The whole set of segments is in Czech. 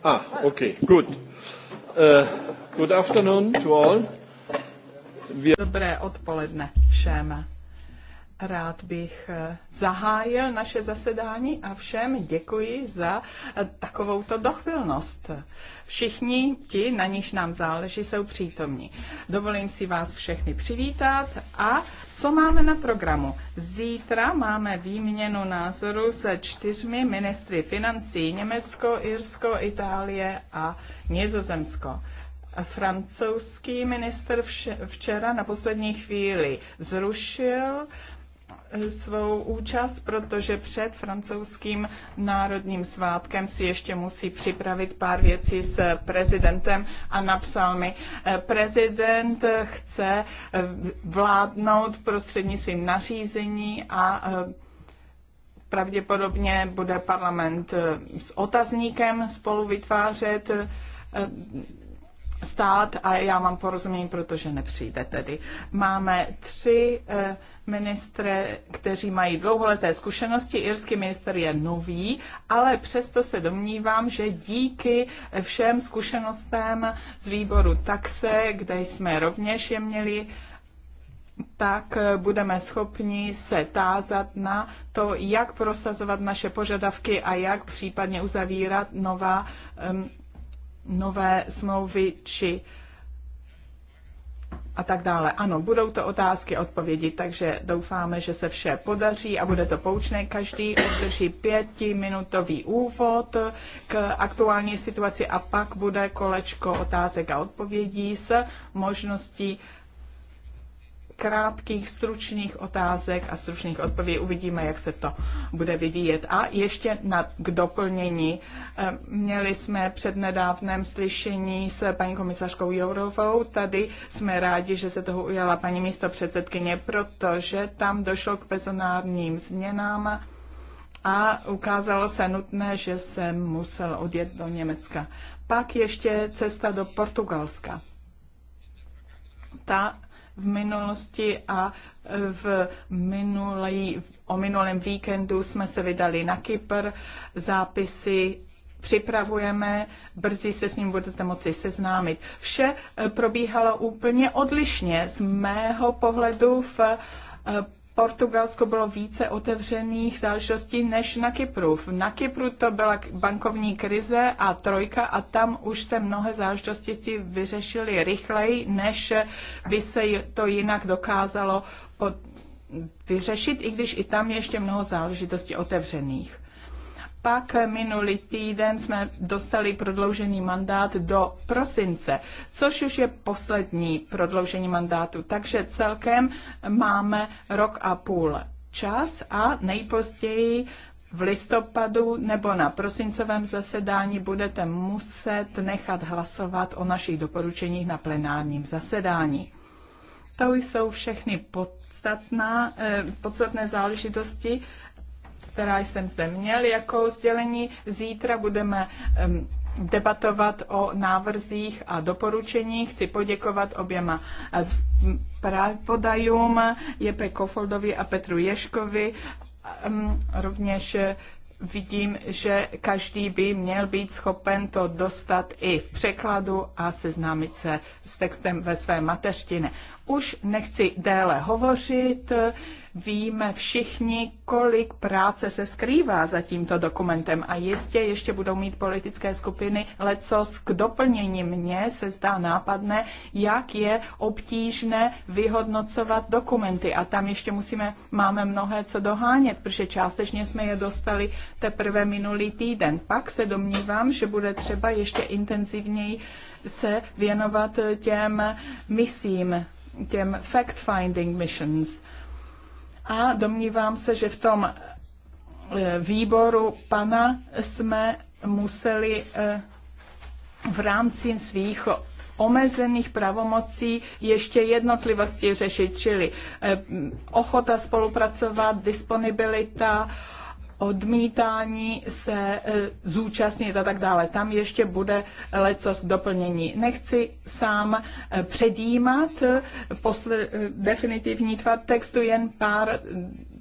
Ah, okay, good. Uh, good afternoon to all. Dobré odpoledne všem. Rád bych eh, zahájil naše zasedání a všem děkuji za eh, takovouto dochvilnost. Všichni ti, na níž nám záleží, jsou přítomní. Dovolím si vás všechny přivítat a co máme na programu? Zítra máme výměnu názoru se čtyřmi ministry financí Německo, Irsko, Itálie a Nizozemsko francouzský minister včera na poslední chvíli zrušil svou účast, protože před francouzským národním svátkem si ještě musí připravit pár věcí s prezidentem a napsal mi, eh, prezident chce eh, vládnout prostřednictvím nařízení a eh, pravděpodobně bude parlament s otazníkem spolu vytvářet stát a já vám porozumím, protože nepřijde tedy. Máme tři eh, ministry, kteří mají dlouholeté zkušenosti. Irský minister je nový, ale přesto se domnívám, že díky všem zkušenostem z výboru taxe, kde jsme rovněž je měli, tak eh, budeme schopni se tázat na to, jak prosazovat naše požadavky a jak případně uzavírat nová um, nové smlouvy či a tak dále. Ano, budou to otázky, odpovědi, takže doufáme, že se vše podaří a bude to poučné. Každý obdrží pětiminutový úvod k aktuální situaci a pak bude kolečko otázek a odpovědí s možností krátkých, stručných otázek a stručných odpovědí. Uvidíme, jak se to bude vyvíjet. A ještě na, k doplnění. Eh, měli jsme před nedávném slyšení s paní komisařkou Jourovou. Tady jsme rádi, že se toho ujala paní místo předsedkyně, protože tam došlo k personálním změnám a ukázalo se nutné, že se musel odjet do Německa. Pak ještě cesta do Portugalska. Ta v minulosti a e, v minulý, o minulém víkendu jsme se vydali na Kypr, zápisy připravujeme, brzy se s ním budete moci seznámit. Vše e, probíhalo úplně odlišně z mého pohledu v e, Portugalsku bylo více otevřených záležitostí než na Kypru. Na Kypru to byla bankovní krize a trojka a tam už se mnohé záležitosti si vyřešily rychleji, než by se to jinak dokázalo vyřešit, i když i tam je ještě mnoho záležitostí otevřených. Pak minulý týden jsme dostali prodloužený mandát do prosince, což už je poslední prodloužení mandátu. Takže celkem máme rok a půl čas a nejpozději v listopadu nebo na prosincovém zasedání budete muset nechat hlasovat o našich doporučeních na plenárním zasedání. To jsou všechny podstatná, eh, podstatné záležitosti která jsem zde měl jako sdělení. Zítra budeme debatovat o návrzích a doporučeních. Chci poděkovat oběma zpravodajům, eh, Jepe Kofoldovi a Petru Ješkovi. Rovněž eh, vidím, že každý by měl být schopen to dostat i v překladu a seznámit se s textem ve své mateřtině. Už nechci déle hovořit, víme všichni, kolik práce se skrývá za tímto dokumentem a jistě ještě budou mít politické skupiny s k doplnění mě se zdá nápadné, jak je obtížné vyhodnocovat dokumenty a tam ještě musíme, máme mnohé co dohánět, protože částečně jsme je dostali teprve minulý týden. Pak se domnívám, že bude třeba ještě intenzivněji se věnovat těm misím těm fact-finding missions. A domnívám se, že v tom eh, výboru pana jsme museli eh, v rámci svých omezených pravomocí ještě jednotlivosti řešit, čili eh, ochota spolupracovat, disponibilita, odmítání se e, zúčastnit a tak dále. Tam ještě bude lecos doplnění. Nechci sám e, předjímat e, posle, definitivní tvar textu, jen pár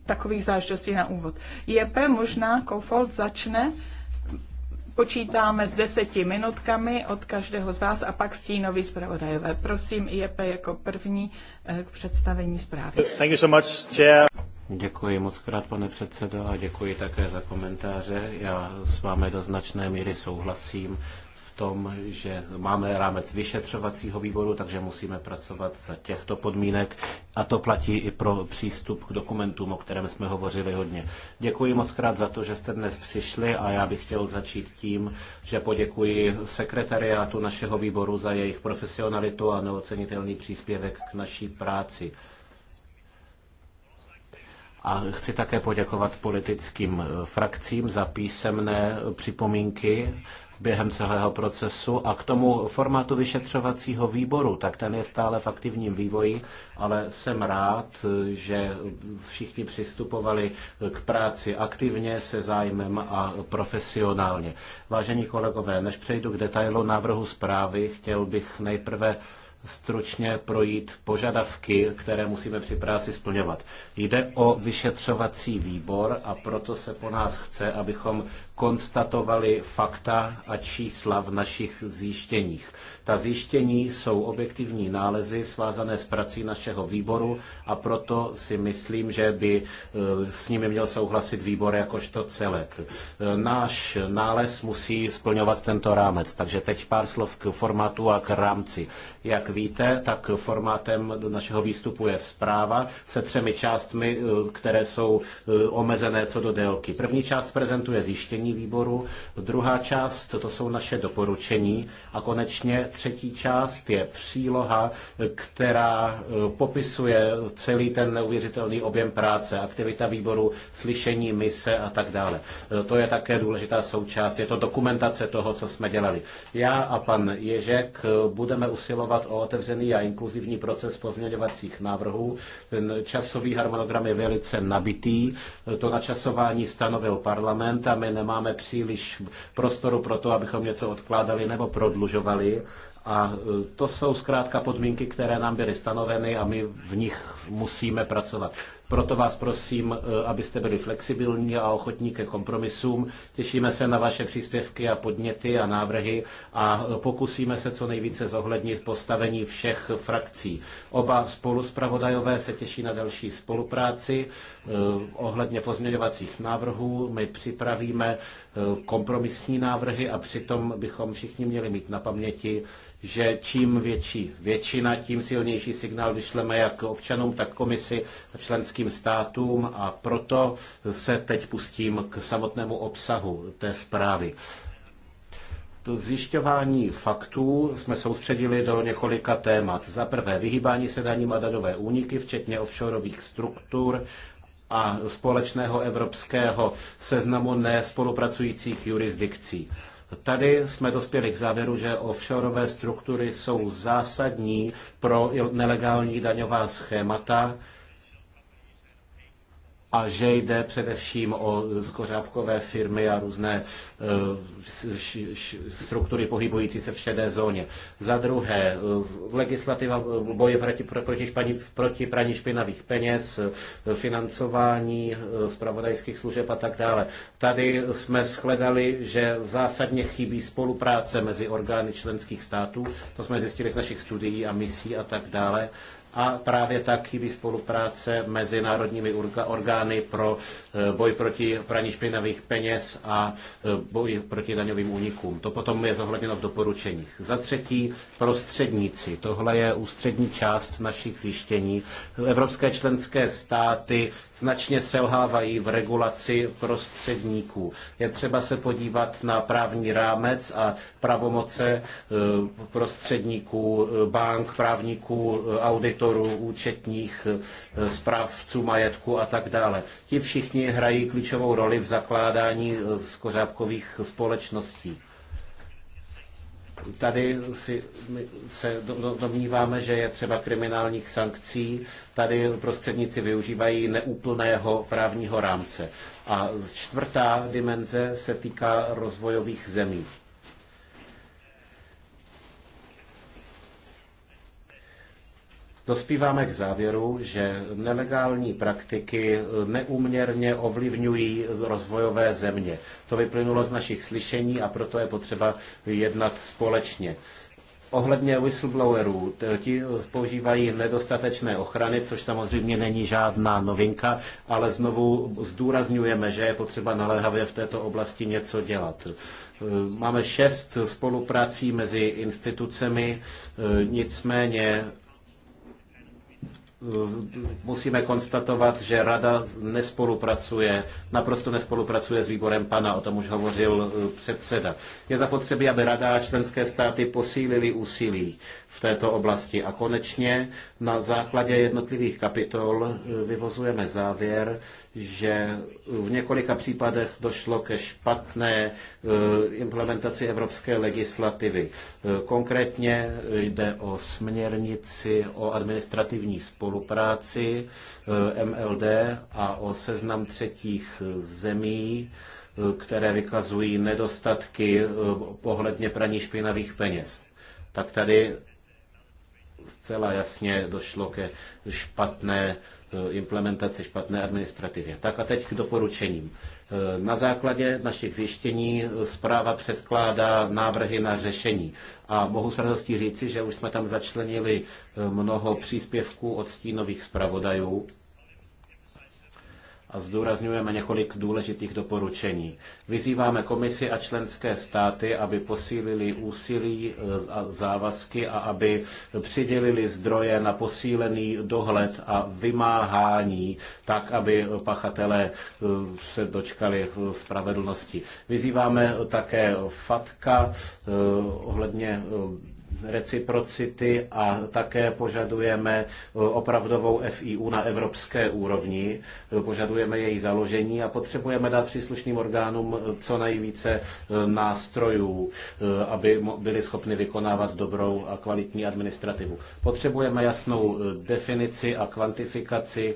takových záležitostí na úvod. JP možná Kofold začne Počítáme s deseti minutkami od každého z vás a pak stínový zpravodajové. Prosím, IEP jako první k představení zprávy. Thank you so much, chair. Děkuji moc krát, pane předsedo, a děkuji také za komentáře. Já s vámi do značné míry souhlasím v tom, že máme rámec vyšetřovacího výboru, takže musíme pracovat za těchto podmínek a to platí i pro přístup k dokumentům, o kterém jsme hovořili hodně. Děkuji moc krát za to, že jste dnes přišli a já bych chtěl začít tím, že poděkuji sekretariátu našeho výboru za jejich profesionalitu a neocenitelný příspěvek k naší práci. A chci také poděkovat politickým eh, frakcím za písemné eh, připomínky během celého procesu a k tomu formátu vyšetřovacího výboru, tak ten je stále v aktivním vývoji, ale jsem rád, eh, že všichni přistupovali k práci aktivně, se zájmem a profesionálně. Vážení kolegové, než přejdu k detailu návrhu zprávy, chtěl bych nejprve stručně projít požadavky, které musíme při práci splňovat. Jde o vyšetřovací výbor a proto se po nás chce, abychom konstatovali fakta a čísla v našich zjištěních. Ta zjištění jsou objektivní nálezy svázané s prací našeho výboru a proto si myslím, že by e, s nimi měl souhlasit výbor jakožto celek. E, náš nález musí splňovat tento rámec, takže teď pár slov k formátu a k rámci. Jak víte, tak formátem našeho výstupu je zpráva se třemi částmi, eh, které jsou eh, omezené co do délky. První část prezentuje zjištění výboru, druhá část to jsou naše doporučení a konečně třetí část je příloha, eh, která popisuje celý ten neuvěřitelný objem práce, aktivita výboru, slyšení, mise a tak dále. To je také důležitá součást, je to dokumentace toho, co jsme dělali. Já a pan Ježek budeme usilovat o otevřený a inkluzivní proces pozměňovacích návrhů. Ten časový harmonogram je velice nabitý. To načasování stanovil parlament a my nemáme příliš prostoru pro to, abychom něco odkládali nebo prodlužovali. A e, to jsou zkrátka podmínky, které nám byly stanoveny a my v nich musíme pracovat. Proto vás prosím, eh, abyste byli flexibilní a ochotní ke kompromisům. Těšíme se na vaše příspěvky a podněty a návrhy a eh, pokusíme se co nejvíce zohlednit postavení všech frakcí. Oba spoluspravodajové se těší na další spolupráci eh, ohledně pozměňovacích návrhů. My připravíme kompromisní návrhy a přitom bychom všichni měli mít na paměti, že čím větší většina, tím silnější signál vyšleme jak občanům, tak komisi a členským státům a proto se teď pustím k samotnému obsahu té zprávy. To zjišťování faktů jsme soustředili do několika témat. Za prvé vyhýbání se daním a danové úniky, včetně offshoreových struktur a společného evropského seznamu nespolupracujících jurisdikcí. Tady jsme dospěli k závěru, že offshoreové struktury jsou zásadní pro nelegální daňová schémata a že jde především o skořápkové firmy a různé eh, struktury pohybující se v šedé zóně. Za druhé, eh, legislativa eh, boje proti, proti, španí, proti praní špinavých peněz, financování zpravodajských služeb a tak dále. Tady jsme shledali, že zásadně chybí spolupráce mezi orgány členských států, to jsme zjistili z našich studií a misí a tak dále a právě tak chybí spolupráce mezi národními orgány pro eh, boj proti praní špinavých peněz a eh, boj proti daňovým únikům. To potom je zohledněno v doporučeních. Za třetí, prostředníci. Tohle je ústřední část našich zjištění. Evropské členské státy značně selhávají v regulaci prostředníků. Je třeba se podívat na právní rámec a pravomoce e, prostředníků, e, bank, právníků, e, auditorů, účetních, správců majetku a tak dále. Ti všichni hrají klíčovou roli v zakládání skořápkových společností. Tady si se domníváme, že je třeba kriminálních sankcí. Tady prostředníci využívají neúplného právního rámce. A čtvrtá dimenze se týká rozvojových zemí. dospíváme k závěru, že nelegální praktiky neuměrně ovlivňují rozvojové země. To vyplynulo z našich slyšení a proto je potřeba jednat společně. Ohledně whistleblowerů, ti používají nedostatečné ochrany, což samozřejmě není žádná novinka, ale znovu zdůrazňujeme, že je potřeba naléhavě v této oblasti něco dělat. Máme šest spoluprací mezi institucemi, nicméně Eh, musíme konstatovat, že rada nespolupracuje, naprosto nespolupracuje s výborem pana, o tom už hovořil eh, předseda. Je zapotřebí, aby rada a členské státy posílili úsilí v této oblasti. A konečně na základě jednotlivých kapitol eh, vyvozujeme závěr, že v několika případech došlo ke špatné eh, implementaci evropské legislativy. Eh, konkrétně jde o směrnici o administrativní spolupráci MLD a o seznam třetích zemí, které vykazují nedostatky ohledně praní špinavých peněz. Tak tady zcela jasně došlo ke špatné eh, implementaci, špatné administrativě. Tak a teď k doporučením. Eh, na základě našich zjištění eh, zpráva předkládá návrhy na řešení. A mohu s radostí říci, že už jsme tam začlenili mnoho příspěvků od stínových zpravodajů a zdůrazňujeme několik důležitých doporučení. Vyzýváme komisi a členské státy, aby posílili úsilí e, a závazky a aby přidělili zdroje na posílený dohled a vymáhání, tak, aby pachatelé e, se dočkali spravedlnosti. Vyzýváme také FATKA e, ohledně reciprocity a také požadujeme eh, opravdovou FIU na evropské úrovni, eh, požadujeme její založení a potřebujeme dát příslušným orgánům eh, co nejvíce nástrojů, aby byli schopni vykonávat dobrou a kvalitní administrativu. Potřebujeme jasnou definici a kvantifikaci,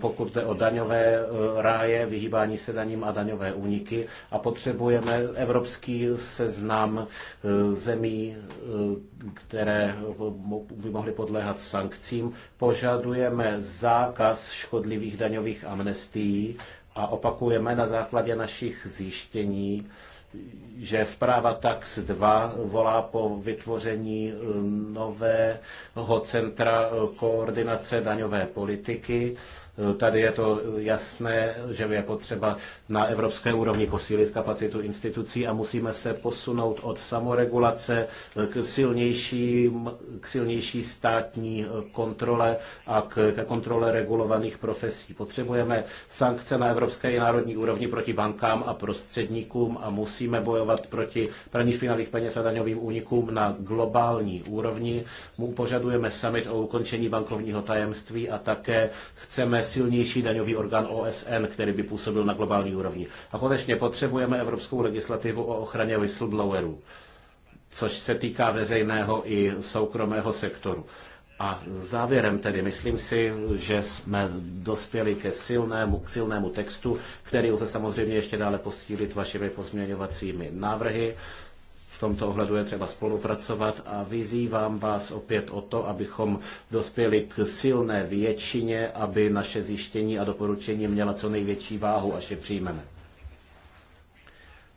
pokud jde o daňové ráje, vyhýbání se daním a daňové úniky a potřebujeme evropský seznam zemí, které by mohly podléhat sankcím. Požadujeme zákaz škodlivých daňových amnestií a opakujeme na základě našich zjištění, že zpráva TAX 2 volá po vytvoření eh, nového centra eh, koordinace daňové politiky Tady je to jasné, že je potřeba na evropské úrovni posílit kapacitu institucí a musíme se posunout od samoregulace k silnější, k silnější státní kontrole a k kontrole regulovaných profesí. Potřebujeme sankce na evropské i národní úrovni proti bankám a prostředníkům a musíme bojovat proti praní špinavých peněz a daňovým únikům na globální úrovni. Mu požadujeme summit o ukončení bankovního tajemství a také chceme silnější daňový orgán OSN, který by působil na globální úrovni. A konečně potřebujeme evropskou legislativu o ochraně whistleblowerů, což se týká veřejného i soukromého sektoru. A závěrem tedy myslím si, že jsme dospěli ke silnému, k silnému textu, který lze samozřejmě ještě dále posílit vašimi pozměňovacími návrhy v tomto ohledu je třeba spolupracovat a vyzývám vás opět o to, abychom dospěli k silné většině, aby naše zjištění a doporučení měla co největší váhu, až je přijmeme.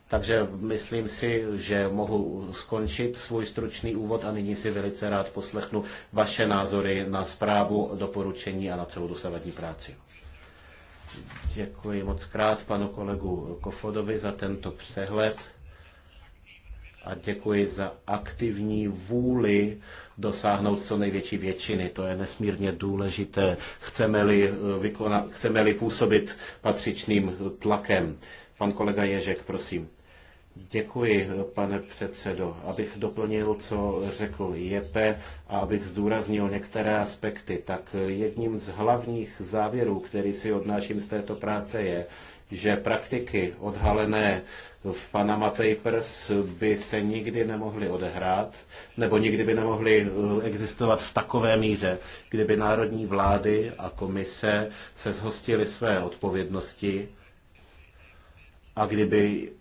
Takže myslím si, že mohu skončit svůj stručný úvod a nyní si velice rád poslechnu vaše názory na zprávu, doporučení a na celou dosavadní práci. Děkuji moc krát panu kolegu Kofodovi za tento přehled a děkuji za aktivní vůli dosáhnout co největší většiny. To je nesmírně důležité. Chceme-li, eh, vykona, chceme-li působit patřičným tlakem. Pan kolega Ježek, prosím. Děkuji, pane předsedo. Abych doplnil, co řekl Jepe a abych zdůraznil některé aspekty, tak jedním z hlavních závěrů, který si odnáším z této práce je, že praktiky odhalené v Panama Papers by se nikdy nemohly odehrát, nebo nikdy by nemohly eh, existovat v takové míře, kdyby národní vlády a komise se zhostily své odpovědnosti a kdyby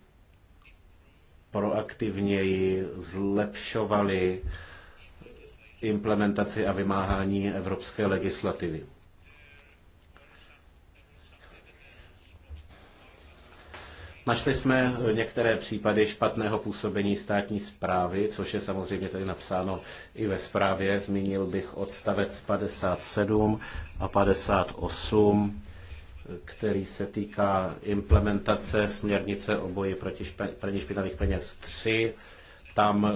proaktivněji zlepšovali implementaci a vymáhání evropské legislativy. Našli jsme eh, některé případy špatného působení státní zprávy, což je samozřejmě tady napsáno i ve zprávě. Zmínil bych odstavec 57 a 58, který se týká implementace směrnice o boji proti praní špinavých peněz 3. Tam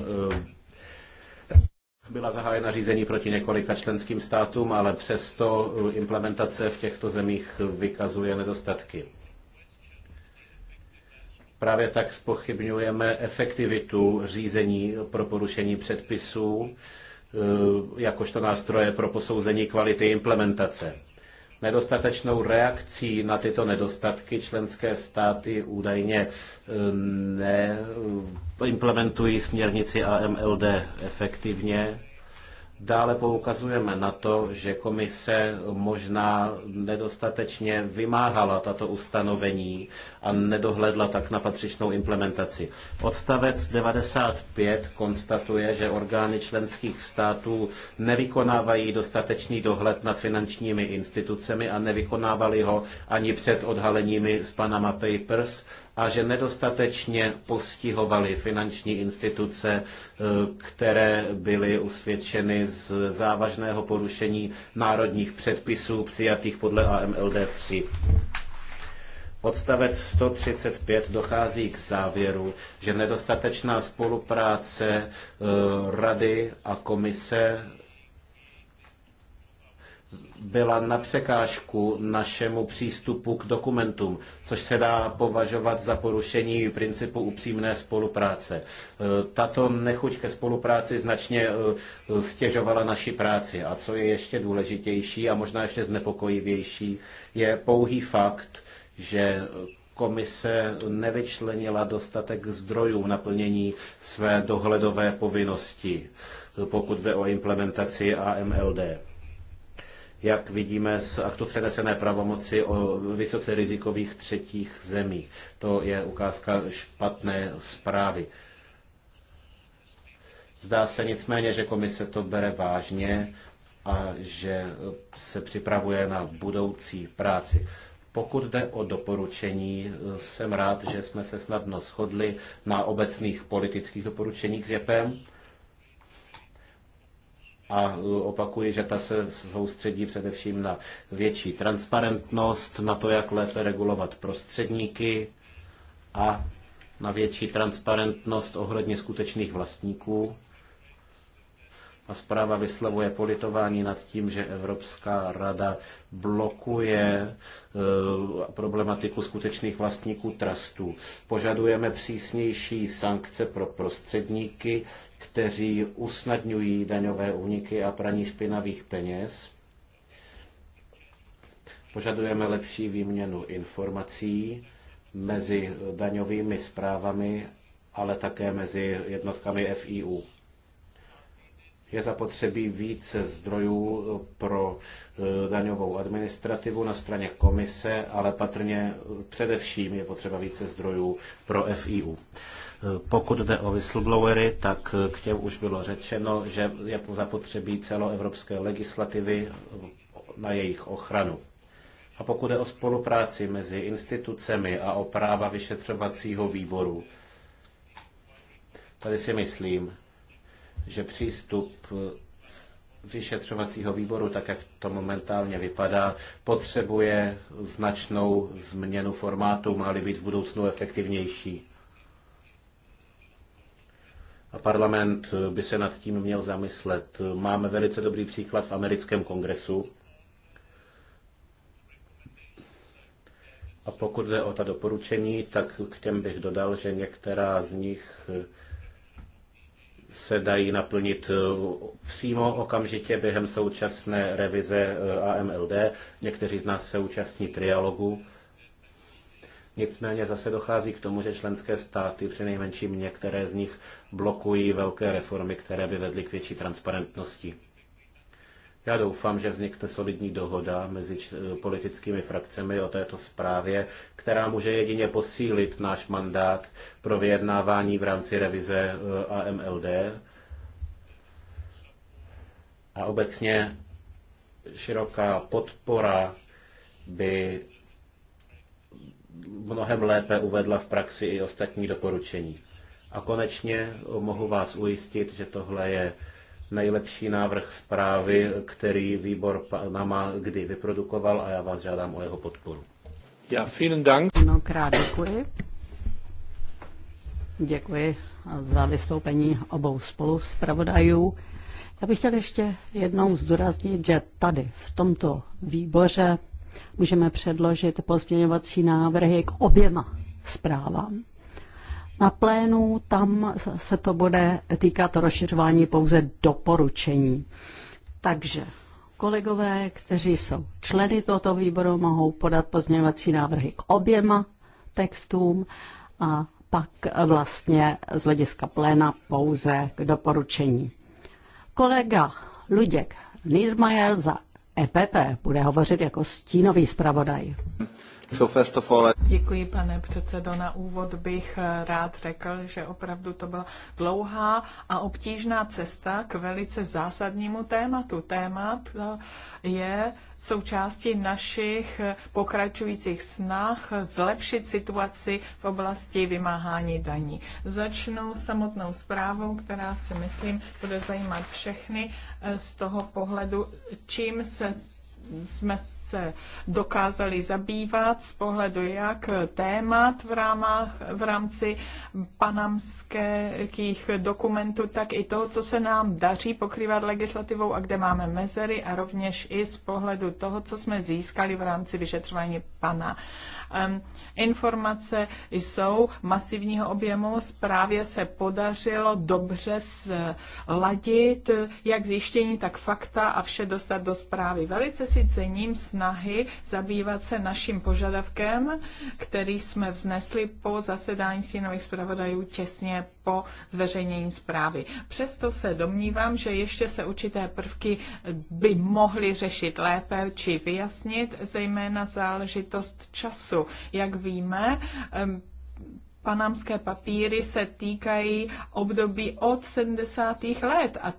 eh, byla zahájena řízení proti několika členským státům, ale přesto eh, implementace v těchto zemích vykazuje nedostatky. Právě tak spochybňujeme efektivitu řízení pro porušení předpisů eh, jakožto nástroje pro posouzení kvality implementace. Nedostatečnou reakcí na tyto nedostatky členské státy údajně eh, neimplementují směrnici AMLD efektivně Dále poukazujeme na to, že komise možná nedostatečně vymáhala tato ustanovení a nedohledla tak na patřičnou implementaci. Odstavec 95 konstatuje, že orgány členských států nevykonávají dostatečný dohled nad finančními institucemi a nevykonávali ho ani před odhaleními z Panama Papers a že nedostatečně postihovaly finanční instituce, eh, které byly usvědčeny z závažného porušení národních předpisů přijatých podle AMLD 3. Odstavec 135 dochází k závěru, že nedostatečná spolupráce eh, Rady a komise byla na překážku našemu přístupu k dokumentům, což se dá považovat za porušení principu upřímné spolupráce. E, tato nechuť ke spolupráci značně e, stěžovala naši práci. A co je ještě důležitější a možná ještě znepokojivější, je pouhý fakt, že komise nevyčlenila dostatek zdrojů na plnění své dohledové povinnosti, e, pokud jde o implementaci AMLD jak vidíme z aktu přenesené pravomoci o vysoce rizikových třetích zemích. To je ukázka špatné zprávy. Zdá se nicméně, že komise to bere vážně a že se připravuje na budoucí práci. Pokud jde o doporučení, jsem rád, že jsme se snadno shodli na obecných politických doporučeních s JEPem a opakuji, že ta se soustředí především na větší transparentnost, na to, jak lépe regulovat prostředníky a na větší transparentnost ohledně skutečných vlastníků. A zpráva vyslovuje politování nad tím, že Evropská rada blokuje eh, problematiku skutečných vlastníků trustů. Požadujeme přísnější sankce pro prostředníky, kteří usnadňují daňové úniky a praní špinavých peněz. Požadujeme lepší výměnu informací mezi daňovými zprávami, ale také mezi jednotkami FIU je zapotřebí více zdrojů pro eh, daňovou administrativu na straně komise, ale patrně eh, především je potřeba více zdrojů pro FIU. Eh, pokud jde o whistleblowery, tak k těm už bylo řečeno, že je zapotřebí celoevropské legislativy na jejich ochranu. A pokud jde o spolupráci mezi institucemi a o práva vyšetřovacího výboru, tady si myslím, že přístup eh, vyšetřovacího výboru, tak jak to momentálně vypadá, potřebuje značnou změnu formátu, má-li být v budoucnu efektivnější. A parlament eh, by se nad tím měl zamyslet. Máme velice dobrý příklad v americkém kongresu. A pokud jde o ta doporučení, tak k těm bych dodal, že některá z nich eh, se dají naplnit eh, přímo okamžitě během současné revize eh, AMLD. Někteří z nás se účastní trialogu. Nicméně zase dochází k tomu, že členské státy, nejmenším některé z nich, blokují velké reformy, které by vedly k větší transparentnosti. Já doufám, že vznikne solidní dohoda mezi politickými frakcemi o této zprávě, která může jedině posílit náš mandát pro vyjednávání v rámci revize eh, AMLD. A obecně široká podpora by mnohem lépe uvedla v praxi i ostatní doporučení. A konečně mohu vás ujistit, že tohle je nejlepší návrh zprávy, který výbor Panama kdy vyprodukoval a já vás žádám o jeho podporu. Já vielen Dank. Mnohokrát děkuji. Děkuji za vystoupení obou spolu zpravodajů. Já bych chtěl ještě jednou zdůraznit, že tady v tomto výboře můžeme předložit pozměňovací návrhy k oběma zprávám. Na plénu tam se to bude týkat rozšiřování pouze doporučení. Takže kolegové, kteří jsou členy tohoto výboru, mohou podat pozměňovací návrhy k oběma textům a pak vlastně z hlediska pléna pouze k doporučení. Kolega Luděk Niedermayer za EPP bude hovořit jako stínový zpravodaj. So first of all... Děkuji, pane předsedo. Na úvod bych eh, rád řekl, že opravdu to byla dlouhá a obtížná cesta k velice zásadnímu tématu. Témat eh, je součástí našich eh, pokračujících snah zlepšit situaci v oblasti vymáhání daní. Začnu samotnou zprávou, která si myslím bude zajímat všechny z toho pohledu, čím se jsme se dokázali zabývat z pohledu jak témat v, rámách, v rámci panamských dokumentů, tak i toho, co se nám daří pokrývat legislativou a kde máme mezery a rovněž i z pohledu toho, co jsme získali v rámci vyšetřování pana Informace jsou masivního objemu, zprávě se podařilo dobře sladit jak zjištění, tak fakta a vše dostat do zprávy. Velice si cením snahy zabývat se naším požadavkem, který jsme vznesli po zasedání stínových zpravodajů těsně po zveřejnění zprávy. Přesto se domnívám, že ještě se určité prvky by mohly řešit lépe či vyjasnit, zejména záležitost času papíru. Jak víme, panamské papíry se týkají období od 70. let a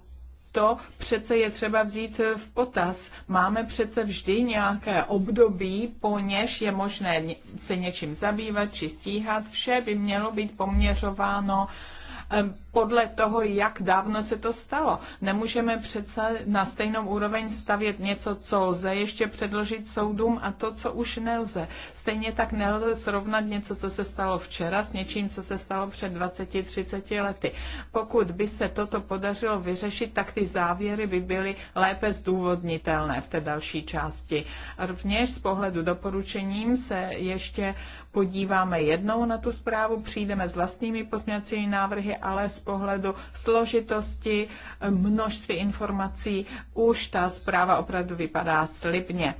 to přece je třeba vzít v potaz. Máme přece vždy nějaké období, po něž je možné se něčím zabývat či stíhat. Vše by mělo být poměřováno uh, podle toho, jak dávno se to stalo. Nemůžeme přece na stejnou úroveň stavět něco, co lze ještě předložit soudům a to, co už nelze. Stejně tak nelze srovnat něco, co se stalo včera s něčím, co se stalo před 20-30 lety. Pokud by se toto podařilo vyřešit, tak ty závěry by byly lépe zdůvodnitelné v té další části. Rovněž z pohledu doporučením se ještě podíváme jednou na tu zprávu, přijdeme s vlastními pozměňovacími návrhy, ale z pohledu složitosti, eh, množství informací už ta zpráva opravdu vypadá slibně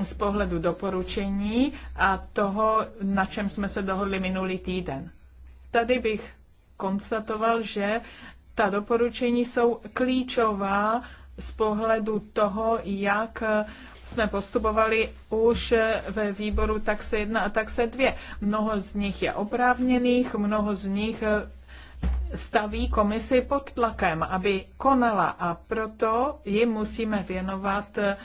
z pohledu doporučení a toho, na čem jsme se dohodli minulý týden. Tady bych konstatoval, že ta doporučení jsou klíčová z pohledu toho, jak eh, jsme postupovali už ve výboru taxe 1 a taxe 2. Mnoho z nich je oprávněných, mnoho z nich eh, staví komisi pod tlakem, aby konala a proto ji musíme věnovat eh,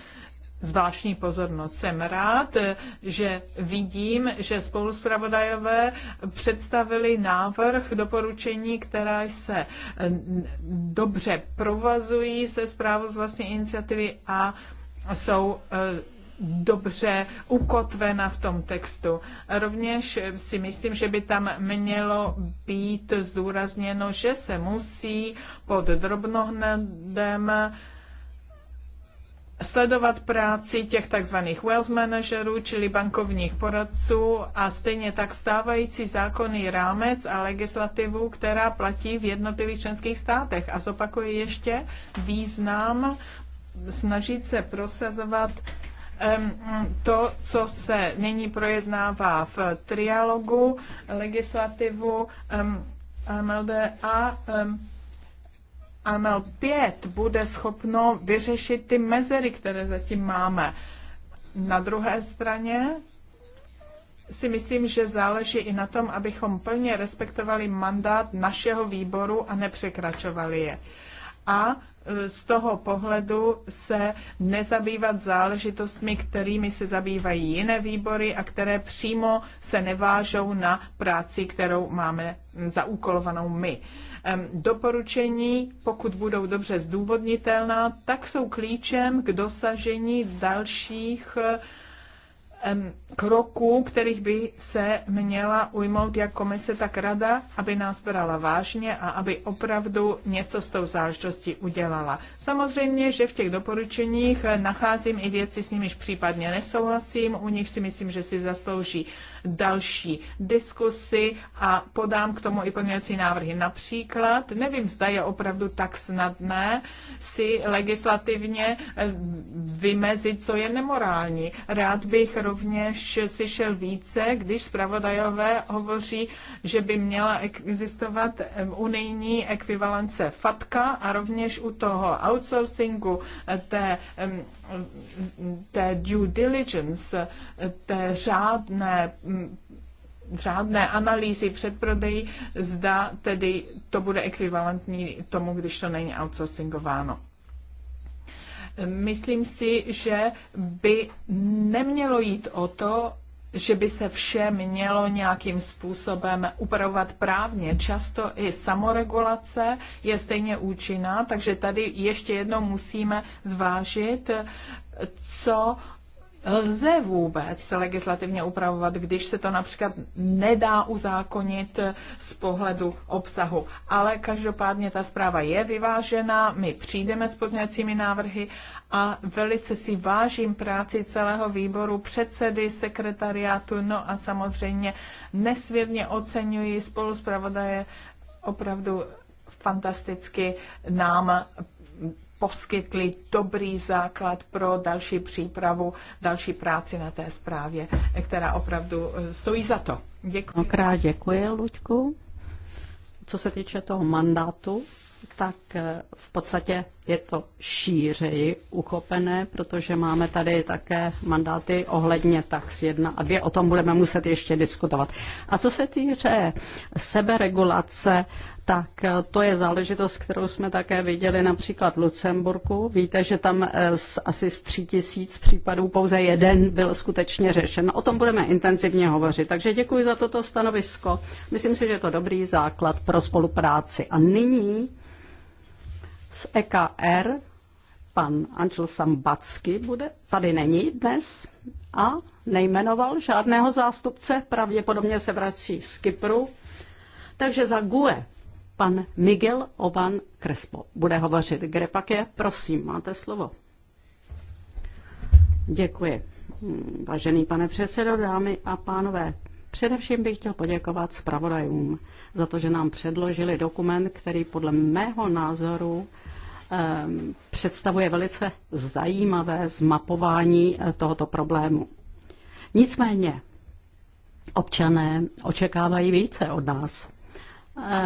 zvláštní pozornost. Jsem rád, eh, že vidím, že spoluspravodajové představili návrh doporučení, která se dobře provazují se zprávou z vlastní iniciativy a jsou eh, dobře ukotvena v tom textu. Rovněž eh, si myslím, že by tam mělo být zdůrazněno, že se musí pod drobnohnedem sledovat práci těch tzv. wealth managerů, čili bankovních poradců a stejně tak stávající zákonný rámec a legislativu, která platí v jednotlivých členských státech. A zopakuji ještě význam snažit se prosazovat to, co se nyní projednává v trialogu, legislativu AMLD a AML 5 bude schopno vyřešit ty mezery, které zatím máme. Na druhé straně si myslím, že záleží i na tom, abychom plně respektovali mandát našeho výboru a nepřekračovali je a e, z toho pohledu se nezabývat záležitostmi, kterými se zabývají jiné výbory a které přímo se nevážou na práci, kterou máme zaúkolovanou my. Doporučení, pokud budou dobře zdůvodnitelná, tak jsou klíčem k dosažení dalších kroků, kterých by se měla ujmout jak komise, tak rada, aby nás brala vážně a aby opravdu něco s tou záležitostí udělala. Samozřejmě, že v těch doporučeních eh, nacházím i věci, s nimiž případně nesouhlasím, u nich si myslím, že si zaslouží další diskusy a podám k tomu i pozměňovací návrhy. Například, nevím, zda je opravdu tak snadné si legislativně eh, vymezit, co je nemorální. Rád bych rovněž slyšel více, když zpravodajové hovoří, že by měla existovat eh, unijní ekvivalence FATKA a rovněž u toho outsourcingu eh, té té due diligence, té řádné řádné analýzy předprodej, zda tedy to bude ekvivalentní tomu, když to není outsourcingováno. Myslím si, že by nemělo jít o to, že by se vše mělo nějakým způsobem upravovat právně. Často i samoregulace je stejně účinná, takže tady ještě jednou musíme zvážit, co lze vůbec legislativně upravovat, když se to například nedá uzákonit z pohledu obsahu. Ale každopádně ta zpráva je vyvážená, my přijdeme s pozměňovacími návrhy a velice si vážím práci celého výboru, předsedy, sekretariátu, no a samozřejmě nesmírně oceňuji spolu opravdu fantasticky nám poskytli dobrý základ pro další přípravu, další práci na té zprávě, která opravdu eh, stojí za to. Děkuji. Mnohokrát děkuji, Luďku. Co se týče toho mandátu, tak eh, v podstatě je to šířeji uchopené, protože máme tady také mandáty ohledně tax 1 a 2. O tom budeme muset ještě diskutovat. A co se týče seberegulace tak eh, to je záležitost, kterou jsme také viděli například v Lucemburku. Víte, že tam z eh, asi z tří tisíc případů pouze jeden byl skutečně řešen. O tom budeme intenzivně hovořit. Takže děkuji za toto stanovisko. Myslím si, že je to dobrý základ pro spolupráci. A nyní z EKR pan Angel Sambacky bude, tady není dnes a nejmenoval žádného zástupce, pravděpodobně se vrací z Kypru. Takže za GUE Pan Miguel Oban Crespo bude hovořit. je? prosím, máte slovo. Děkuji. Vážený pane předsedo, dámy a pánové, Především bych chtěl poděkovat zpravodajům za to, že nám předložili dokument, který podle mého názoru ehm, představuje velice zajímavé zmapování eh, tohoto problému. Nicméně občané očekávají více od nás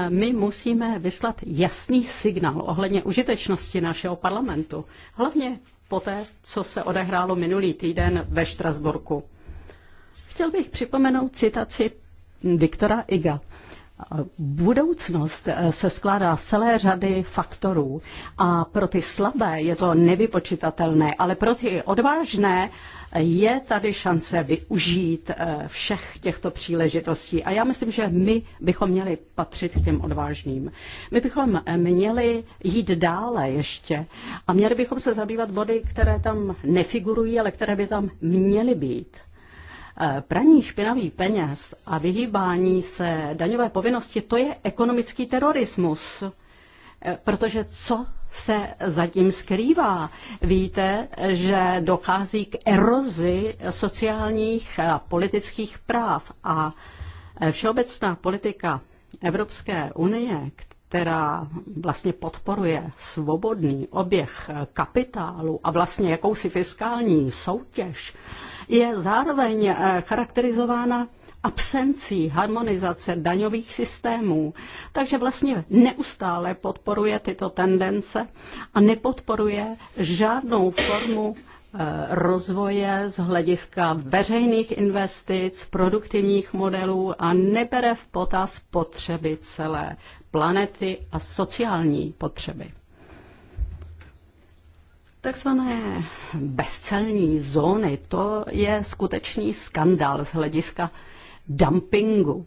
my musíme vyslat jasný signál ohledně užitečnosti našeho parlamentu, hlavně po té, co se odehrálo minulý týden ve Štrasburku. Chtěl bych připomenout citaci Viktora Iga, Budoucnost eh, se skládá z celé řady faktorů a pro ty slabé je to nevypočitatelné, ale pro ty odvážné je tady šance využít eh, všech těchto příležitostí. A já myslím, že my bychom měli patřit k těm odvážným. My bychom eh, měli jít dále ještě a měli bychom se zabývat body, které tam nefigurují, ale které by tam měly být. Eh, praní špinavý peněz a vyhýbání se daňové povinnosti, to je ekonomický terorismus. Eh, protože co se zatím skrývá? Víte, že dochází k erozi sociálních a politických práv a eh, všeobecná politika Evropské unie, která vlastně podporuje svobodný oběh kapitálu a vlastně jakousi fiskální soutěž, je zároveň eh, charakterizována absencí harmonizace daňových systémů. Takže vlastně neustále podporuje tyto tendence a nepodporuje žádnou formu eh, rozvoje z hlediska veřejných investic, produktivních modelů a nebere v potaz potřeby celé planety a sociální potřeby. Takzvané bezcelní zóny, to je skutečný skandál z hlediska dumpingu.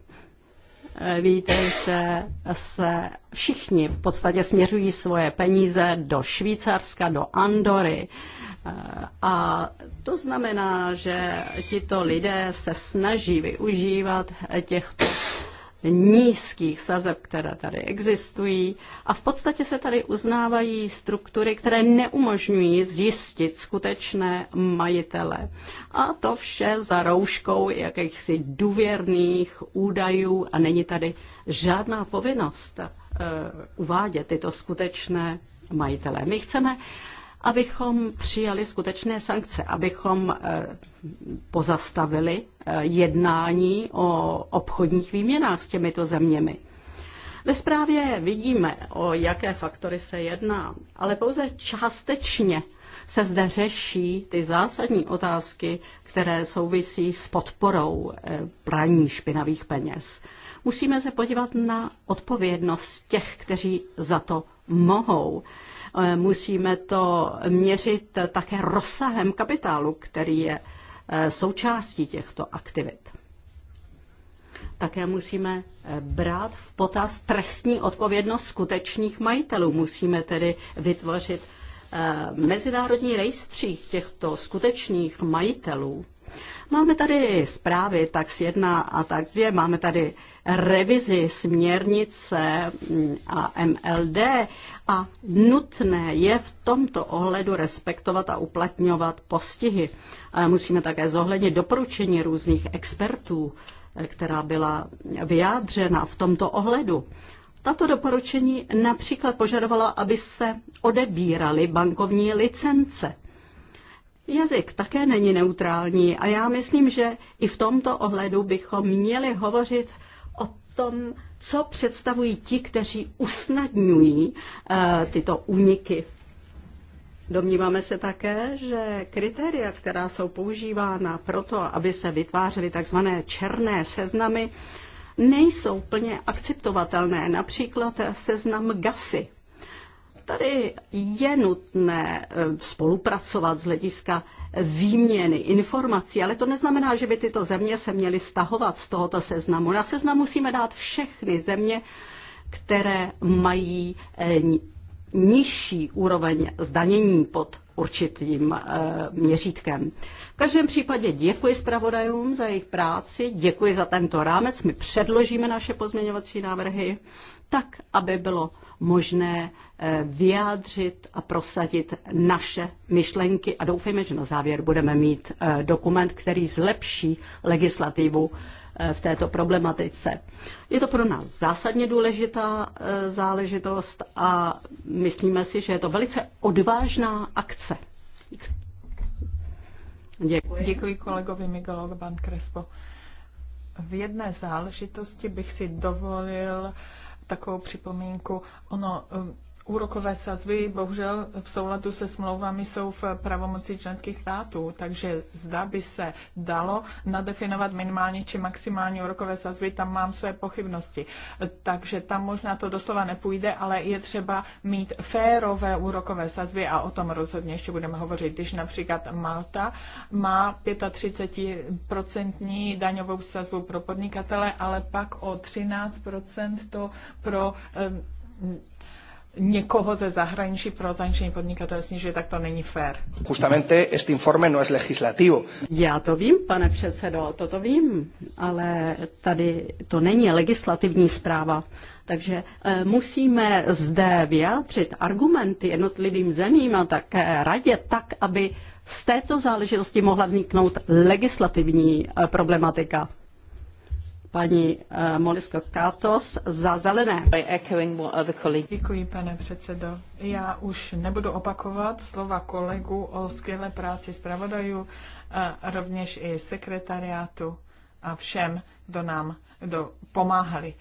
E, Víte, že se všichni v podstatě směřují svoje peníze do Švýcarska, do Andory. E, A to znamená, že tito lidé se snaží využívat těchto nízkých sazeb, které tady existují. A v podstatě se tady uznávají struktury, které neumožňují zjistit skutečné majitele. A to vše za rouškou jakýchsi důvěrných údajů a není tady žádná povinnost eh, uvádět tyto skutečné majitele. My chceme abychom přijali skutečné sankce, abychom eh, pozastavili eh, jednání o obchodních výměnách s těmito zeměmi. Ve zprávě vidíme, o jaké faktory se jedná, ale pouze částečně se zde řeší ty zásadní otázky, které souvisí s podporou eh, praní špinavých peněz. Musíme se podívat na odpovědnost těch, kteří za to mohou. Eh, musíme to měřit také rozsahem kapitálu, který je eh, součástí těchto aktivit. Také musíme eh, brát v potaz trestní odpovědnost skutečných majitelů. Musíme tedy vytvořit mezinárodní rejstřík těchto skutečných majitelů. Máme tady zprávy tax jedna a tax dvě. máme tady revizi směrnice mm, a MLD a nutné je v tomto ohledu respektovat a uplatňovat postihy. musíme také zohlednit doporučení různých expertů, která byla vyjádřena v tomto ohledu. Tato doporučení například požadovala, aby se odebíraly bankovní licence. Jazyk také není neutrální a já myslím, že i v tomto ohledu bychom měli hovořit tom, co představují ti, kteří usnadňují eh, tyto úniky. Domníváme se také, že kritéria, která jsou používána pro to, aby se vytvářely tzv. černé seznamy, nejsou plně akceptovatelné, například seznam GAFI. Tady je nutné eh, spolupracovat z hlediska výměny informací, ale to neznamená, že by tyto země se měly stahovat z tohoto seznamu. Na seznam musíme dát všechny země, které mají eh, nižší úroveň zdanění pod určitým eh, měřítkem. V každém případě děkuji zpravodajům za jejich práci, děkuji za tento rámec. My předložíme naše pozměňovací návrhy tak, aby bylo možné Eh, vyjádřit a prosadit naše myšlenky a doufejme, že na závěr budeme mít eh, dokument, který zlepší legislativu eh, v této problematice. Je to pro nás zásadně důležitá záležitost a myslíme si, že je to velice odvážná akce. Děkuji. Děkuji kolegovi Miguel Ban Crespo. V jedné záležitosti bych si dovolil takovou připomínku. Ono Úrokové sazby bohužel v souladu se smlouvami jsou v pravomoci členských států, takže zda by se dalo nadefinovat minimální či maximální úrokové sazby, tam mám své pochybnosti. Takže tam možná to doslova nepůjde, ale je třeba mít férové úrokové sazby a o tom rozhodně ještě budeme hovořit. Když například Malta má 35% daňovou sazbu pro podnikatele, ale pak o 13% to pro eh, někoho ze zahraničí pro zahraniční podnikatel snižuje, tak to není fér. Justamente este informe no es legislativo. Já to vím, pane předsedo, toto vím, ale tady to není legislativní zpráva. Takže eh, musíme zde vyjádřit argumenty jednotlivým zemím a také radě tak, aby z této záležitosti mohla vzniknout legislativní eh, problematika paní eh, Molisko Kátos za zelené. Děkuji, pane předsedo. Já už nebudu opakovat slova kolegu o skvělé práci zpravodajů, a eh, rovněž i sekretariátu a všem, kdo nám kdo pomáhali.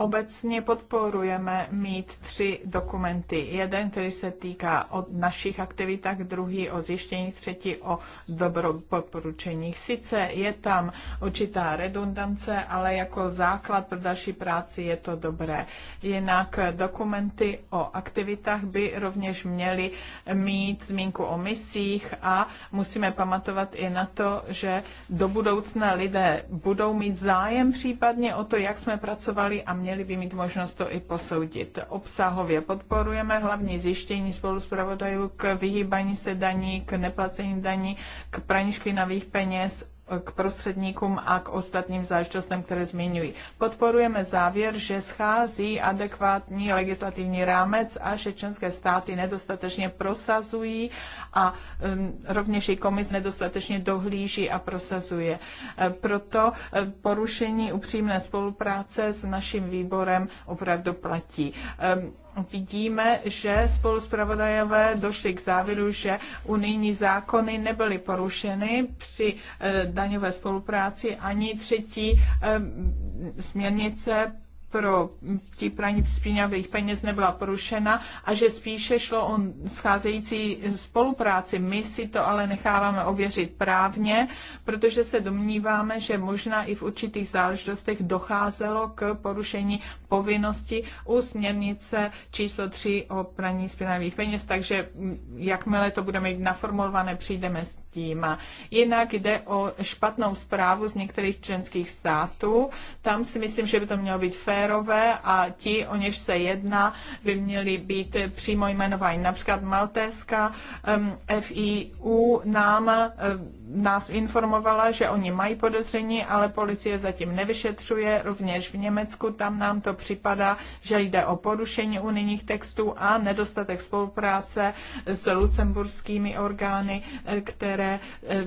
Obecně podporujeme mít tři dokumenty. Jeden, který se týká o našich aktivitách, druhý o zjištění, třetí o dobroporučeních. Sice je tam určitá redundance, ale jako základ pro další práci je to dobré. Jinak dokumenty o aktivitách by rovněž měly mít zmínku o misích a musíme pamatovat i na to, že do budoucna lidé budou mít zájem případně o to, jak jsme pracovali a měli měli by mít možnost to i posoudit. Obsahově podporujeme hlavní zjištění spolu zpravodajů k vyhýbaní se daní, k neplacení daní, k praní špinavých peněz k prostředníkům a k ostatním záležitostem, které zmiňují. Podporujeme závěr, že schází adekvátní legislativní rámec a že členské státy nedostatečně prosazují a um, rovněž i komis nedostatečně dohlíží a prosazuje. E, proto e, porušení upřímné spolupráce s naším výborem opravdu platí. E, vidíme, že spoluzpravodajové došli k závěru, že unijní zákony nebyly porušeny při eh, daňové spolupráci ani třetí eh, směrnice pro ti praní spíňavých peněz nebyla porušena a že spíše šlo o scházející spolupráci. My si to ale necháváme ověřit právně, protože se domníváme, že možná i v určitých záležitostech docházelo k porušení povinnosti u směrnice číslo 3 o praní spíňavých peněz, takže jakmile to budeme mít naformulované, přijdeme s tím. Jinak jde o špatnou zprávu z některých členských států. Tam si myslím, že by to mělo být férové a ti, o něž se jedná, by měli být přímo jmenováni. Například Maltéska, FIU nám nás informovala, že oni mají podezření, ale policie zatím nevyšetřuje. Rovněž v Německu tam nám to připadá, že jde o porušení unijních textů a nedostatek spolupráce s lucemburskými orgány, eh, které eh,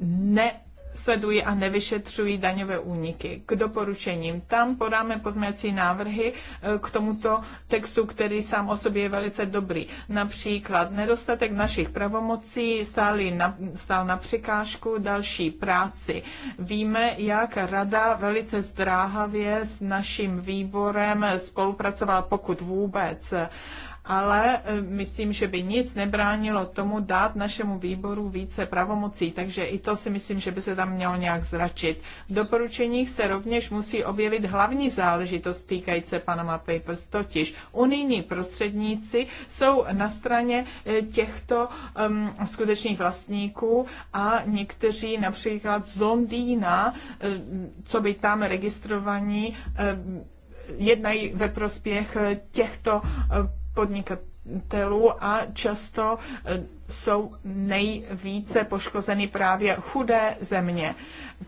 ne sledují a nevyšetřují daňové úniky. K doporučením tam podáme pozměňovací návrhy e, k tomuto textu, který sám o sobě je velice dobrý. Například nedostatek našich pravomocí stál, na, stál na překážku další práci. Víme, jak rada velice zdráhavě s naším výborem spolupracovala, pokud vůbec ale e, myslím, že by nic nebránilo tomu dát našemu výboru více pravomocí, takže i to si myslím, že by se tam mělo nějak zračit. V doporučeních se rovněž musí objevit hlavní záležitost týkající Panama Papers, totiž unijní prostředníci jsou na straně e, těchto um, skutečných vlastníků a někteří například z Londýna, e, co by tam registrovaní, jednají ve prospěch těchto podnikatelů a často eh, jsou nejvíce poškozeny právě chudé země.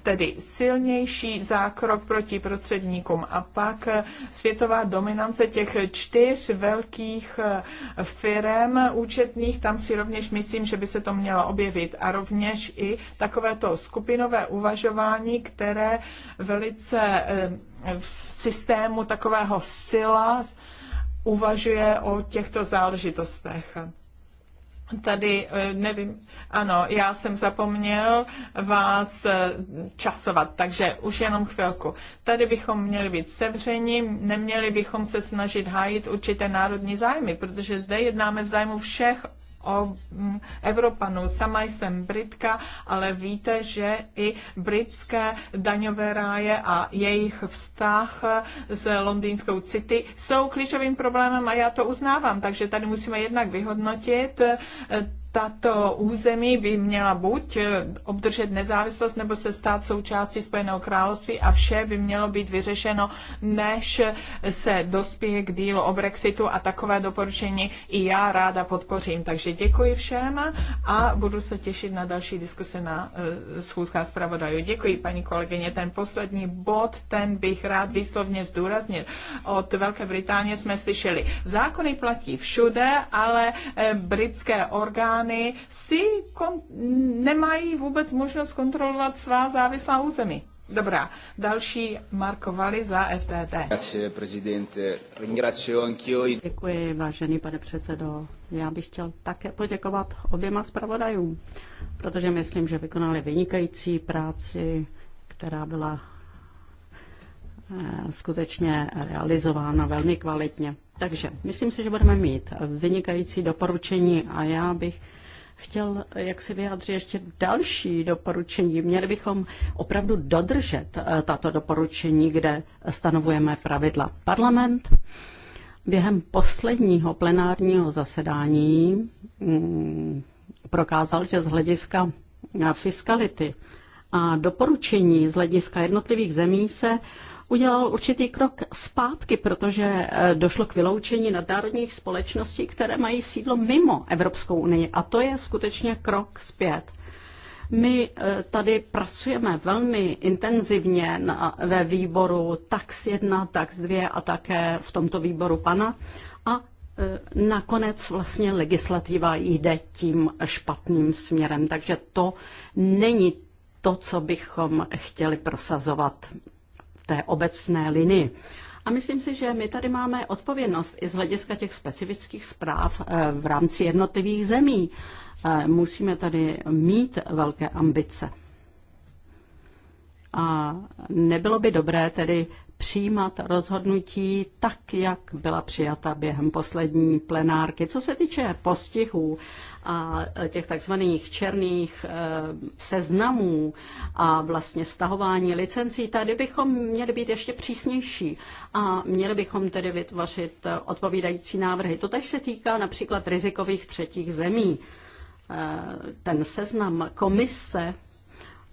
Tedy silnější zákrok proti prostředníkům a pak eh, světová dominance těch čtyř velkých eh, firm účetních, tam si rovněž myslím, že by se to mělo objevit a rovněž i takovéto skupinové uvažování, které velice v systému takového sila, uvažuje o těchto záležitostech. Tady, eh, nevím, ano, já jsem zapomněl vás eh, časovat, takže už jenom chvilku. Tady bychom měli být sevření, neměli bychom se snažit hájit určité národní zájmy, protože zde jednáme v zájmu všech o mm, Evropanu Sama jsem Britka, ale víte, že i britské daňové ráje a jejich vztah s londýnskou city jsou klíčovým problémem a já to uznávám. Takže tady musíme jednak vyhodnotit eh, tato území by měla buď eh, obdržet nezávislost nebo se stát součástí Spojeného království a vše by mělo být vyřešeno, než se dospěje k dílu o Brexitu a takové doporučení i já ráda podpořím. Takže děkuji všem a budu se těšit na další diskuse na eh, schůzkách zpravodajů. Děkuji, paní kolegyně. Ten poslední bod, ten bych rád výslovně zdůraznil. Od Velké Británie jsme slyšeli, zákony platí všude, ale eh, britské orgány orgány si kon- nemají vůbec možnost kontrolovat svá závislá území. Dobrá, další Markovali za FTT. Děkuji, vážený pane předsedo. Já bych chtěl také poděkovat oběma zpravodajům, protože myslím, že vykonali vynikající práci, která byla eh, skutečně realizována velmi kvalitně. Takže myslím si, že budeme mít vynikající doporučení a já bych chtěl, jak si vyjádřit ještě další doporučení. Měli bychom opravdu dodržet eh, tato doporučení, kde stanovujeme pravidla. Parlament během posledního plenárního zasedání mm, prokázal, že z hlediska eh, fiskality a doporučení z hlediska jednotlivých zemí se udělal určitý krok zpátky, protože eh, došlo k vyloučení nadnárodních společností, které mají sídlo mimo Evropskou unii. A to je skutečně krok zpět. My eh, tady pracujeme velmi intenzivně na, ve výboru TAX 1, TAX 2 a také v tomto výboru PANA. A eh, nakonec vlastně legislativa jde tím špatným směrem. Takže to není to, co bychom chtěli prosazovat té obecné linii. A myslím si, že my tady máme odpovědnost i z hlediska těch specifických zpráv eh, v rámci jednotlivých zemí. Eh, musíme tady mít velké ambice. A nebylo by dobré tedy přijímat rozhodnutí tak, jak byla přijata během poslední plenárky. Co se týče postihů a těch takzvaných černých eh, seznamů a vlastně stahování licencí, tady bychom měli být ještě přísnější a měli bychom tedy vytvořit eh, odpovídající návrhy. To tež se týká například rizikových třetích zemí. Eh, ten seznam komise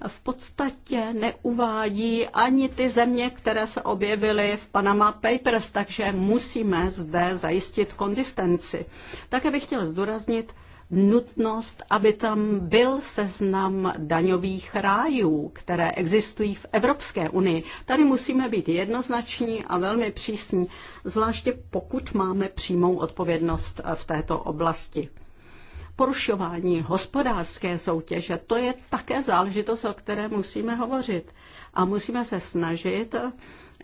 v podstatě neuvádí ani ty země, které se objevily v Panama Papers, takže musíme zde zajistit konzistenci. Také bych chtěl zdůraznit nutnost, aby tam byl seznam daňových rájů, které existují v Evropské unii. Tady musíme být jednoznační a velmi přísní, zvláště pokud máme přímou odpovědnost v této oblasti. Porušování hospodářské soutěže, to je také záležitost, o které musíme hovořit. A musíme se snažit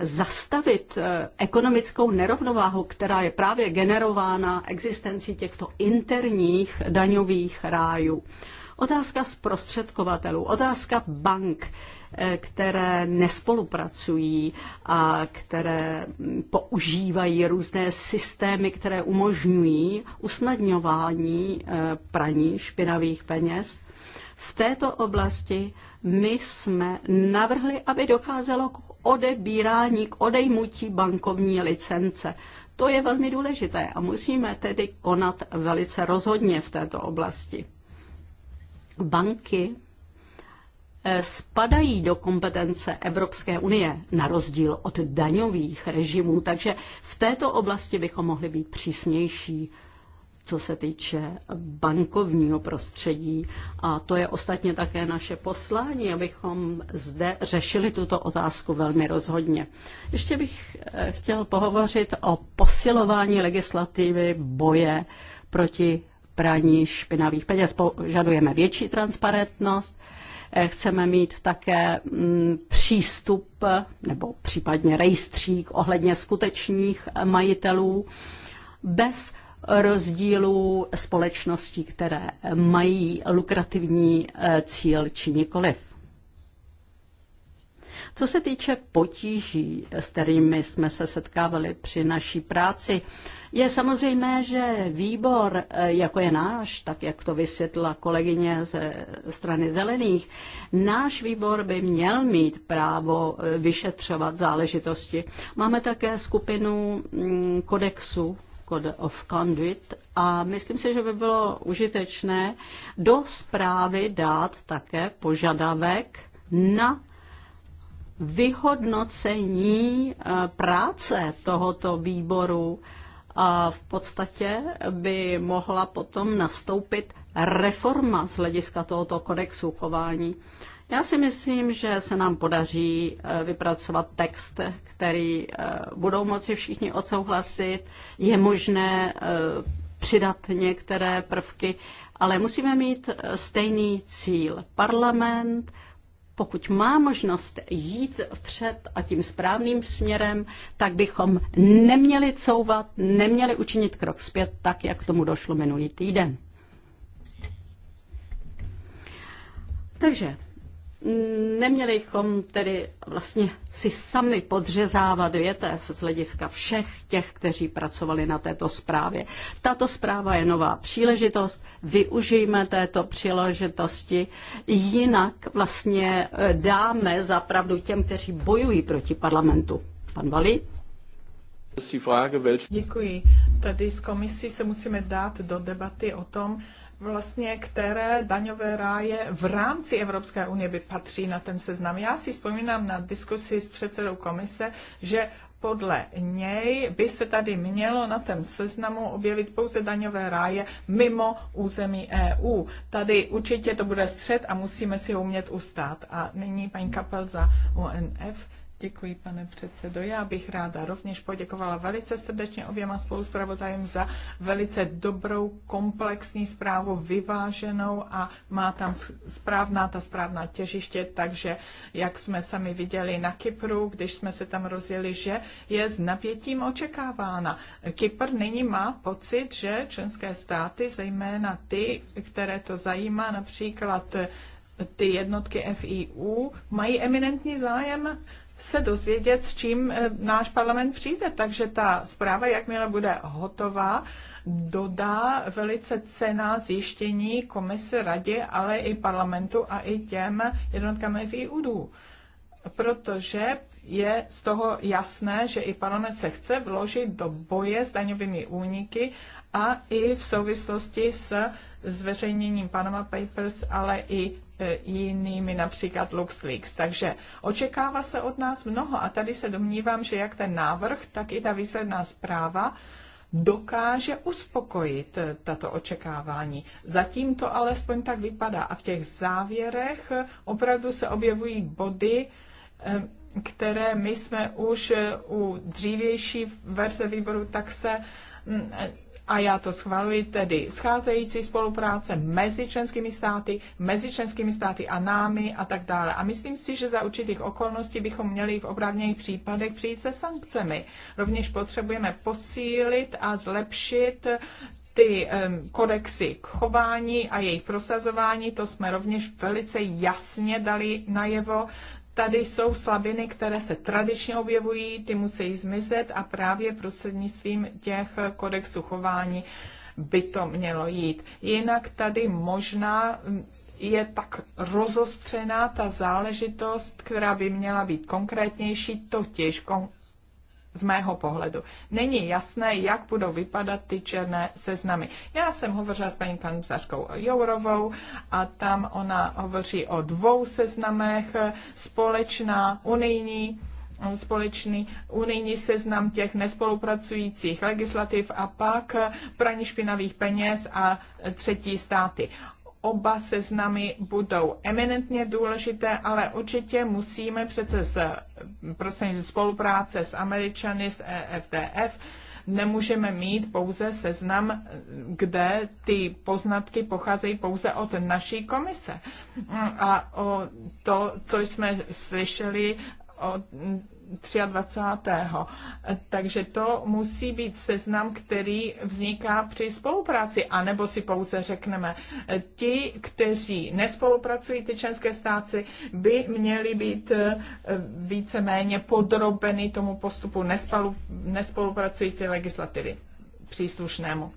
zastavit eh, ekonomickou nerovnováhu, která je právě generována existencí těchto interních daňových rájů. Otázka zprostředkovatelů, otázka bank, eh, které nespolupracují a které hm, používají různé systémy, které umožňují usnadňování eh, praní špinavých peněz. V této oblasti my jsme navrhli, aby docházelo k odebírání, k odejmutí bankovní licence. To je velmi důležité a musíme tedy konat velice rozhodně v této oblasti. Banky eh, spadají do kompetence Evropské unie, na rozdíl od daňových režimů, takže v této oblasti bychom mohli být přísnější co se týče bankovního prostředí. A to je ostatně také naše poslání, abychom zde řešili tuto otázku velmi rozhodně. Ještě bych eh, chtěl pohovořit o posilování legislativy boje proti praní špinavých peněz. Požadujeme větší transparentnost, eh, chceme mít také mm, přístup nebo případně rejstřík ohledně skutečných majitelů bez rozdílů společností, které mají lukrativní eh, cíl či nikoliv. Co se týče potíží, s kterými jsme se setkávali při naší práci, je samozřejmé, že výbor, eh, jako je náš, tak jak to vysvětla kolegyně ze strany zelených, náš výbor by měl mít právo eh, vyšetřovat záležitosti. Máme také skupinu mm, kodexu Code of Conduct a myslím si, že by bylo užitečné do zprávy dát také požadavek na vyhodnocení eh, práce tohoto výboru a v podstatě by mohla potom nastoupit reforma z hlediska tohoto kodexu chování. Já si myslím, že se nám podaří eh, vypracovat text, který eh, budou moci všichni odsouhlasit. Je možné eh, přidat některé prvky, ale musíme mít stejný cíl. Parlament, pokud má možnost jít vpřed a tím správným směrem, tak bychom neměli couvat, neměli učinit krok zpět, tak jak tomu došlo minulý týden. Takže neměli bychom tedy vlastně si sami podřezávat větev z hlediska všech těch, kteří pracovali na této zprávě. Tato zpráva je nová příležitost, využijme této příležitosti, jinak vlastně eh, dáme zapravdu těm, kteří bojují proti parlamentu. Pan Vali? Děkuji. Tady s komisí se musíme dát do debaty o tom, vlastně které daňové ráje v rámci Evropské unie by patří na ten seznam. Já si vzpomínám na diskusi s předsedou komise, že podle něj by se tady mělo na ten seznamu objevit pouze daňové ráje mimo území EU. Tady určitě to bude střed a musíme si ho umět ustát. A nyní paní Kapel za Děkuji, pane předsedo. Já bych ráda rovněž poděkovala velice srdečně oběma spoluzpravodajem za velice dobrou, komplexní zprávu, vyváženou a má tam správná ta správná těžiště, takže jak jsme sami viděli na Kypru, když jsme se tam rozjeli, že je s napětím očekávána. Kypr nyní má pocit, že členské státy, zejména ty, které to zajímá, například ty jednotky FIU mají eminentní zájem se dozvědět, s čím eh, náš parlament přijde. Takže ta zpráva, jakmile bude hotová, dodá velice cená zjištění komise radě, ale i parlamentu a i těm jednotkám FIUDů. Protože je z toho jasné, že i parlament se chce vložit do boje s daňovými úniky a i v souvislosti s zveřejněním Panama Papers, ale i e, jinými, například LuxLeaks. Takže očekává se od nás mnoho a tady se domnívám, že jak ten návrh, tak i ta výsledná zpráva dokáže uspokojit e, tato očekávání. Zatím to alespoň tak vypadá a v těch závěrech opravdu se objevují body, e, které my jsme už u dřívější verze výboru tak se a já to schvaluji, tedy scházející spolupráce mezi členskými státy, mezi členskými státy a námi a tak dále. A myslím si, že za určitých okolností bychom měli v obrávněných případech přijít se sankcemi. Rovněž potřebujeme posílit a zlepšit ty um, kodexy k chování a jejich prosazování, to jsme rovněž velice jasně dali najevo Tady jsou slabiny, které se tradičně objevují, ty musí zmizet a právě prostřednictvím těch kodexů chování by to mělo jít. Jinak tady možná mm, je tak rozostřená ta záležitost, která by měla být konkrétnější, totiž kon- z mého pohledu. Není jasné, jak budou vypadat ty černé seznamy. Já jsem hovořila s paní Sáškou Jourovou a tam ona hovoří o dvou seznamech, společná unijní, společný unijní seznam těch nespolupracujících legislativ a pak praní špinavých peněz a třetí státy. Oba seznamy budou eminentně důležité, ale určitě musíme přece z, prosím, spolupráce s Američany, s EFDF, nemůžeme mít pouze seznam, kde ty poznatky pocházejí pouze od naší komise. A o to, co jsme slyšeli od 23. Takže to musí být seznam, který vzniká při spolupráci, anebo si pouze řekneme, ti, kteří nespolupracují, ty členské státy, by měli být eh, víceméně podrobeny tomu postupu nespolupracující legislativy příslušnému.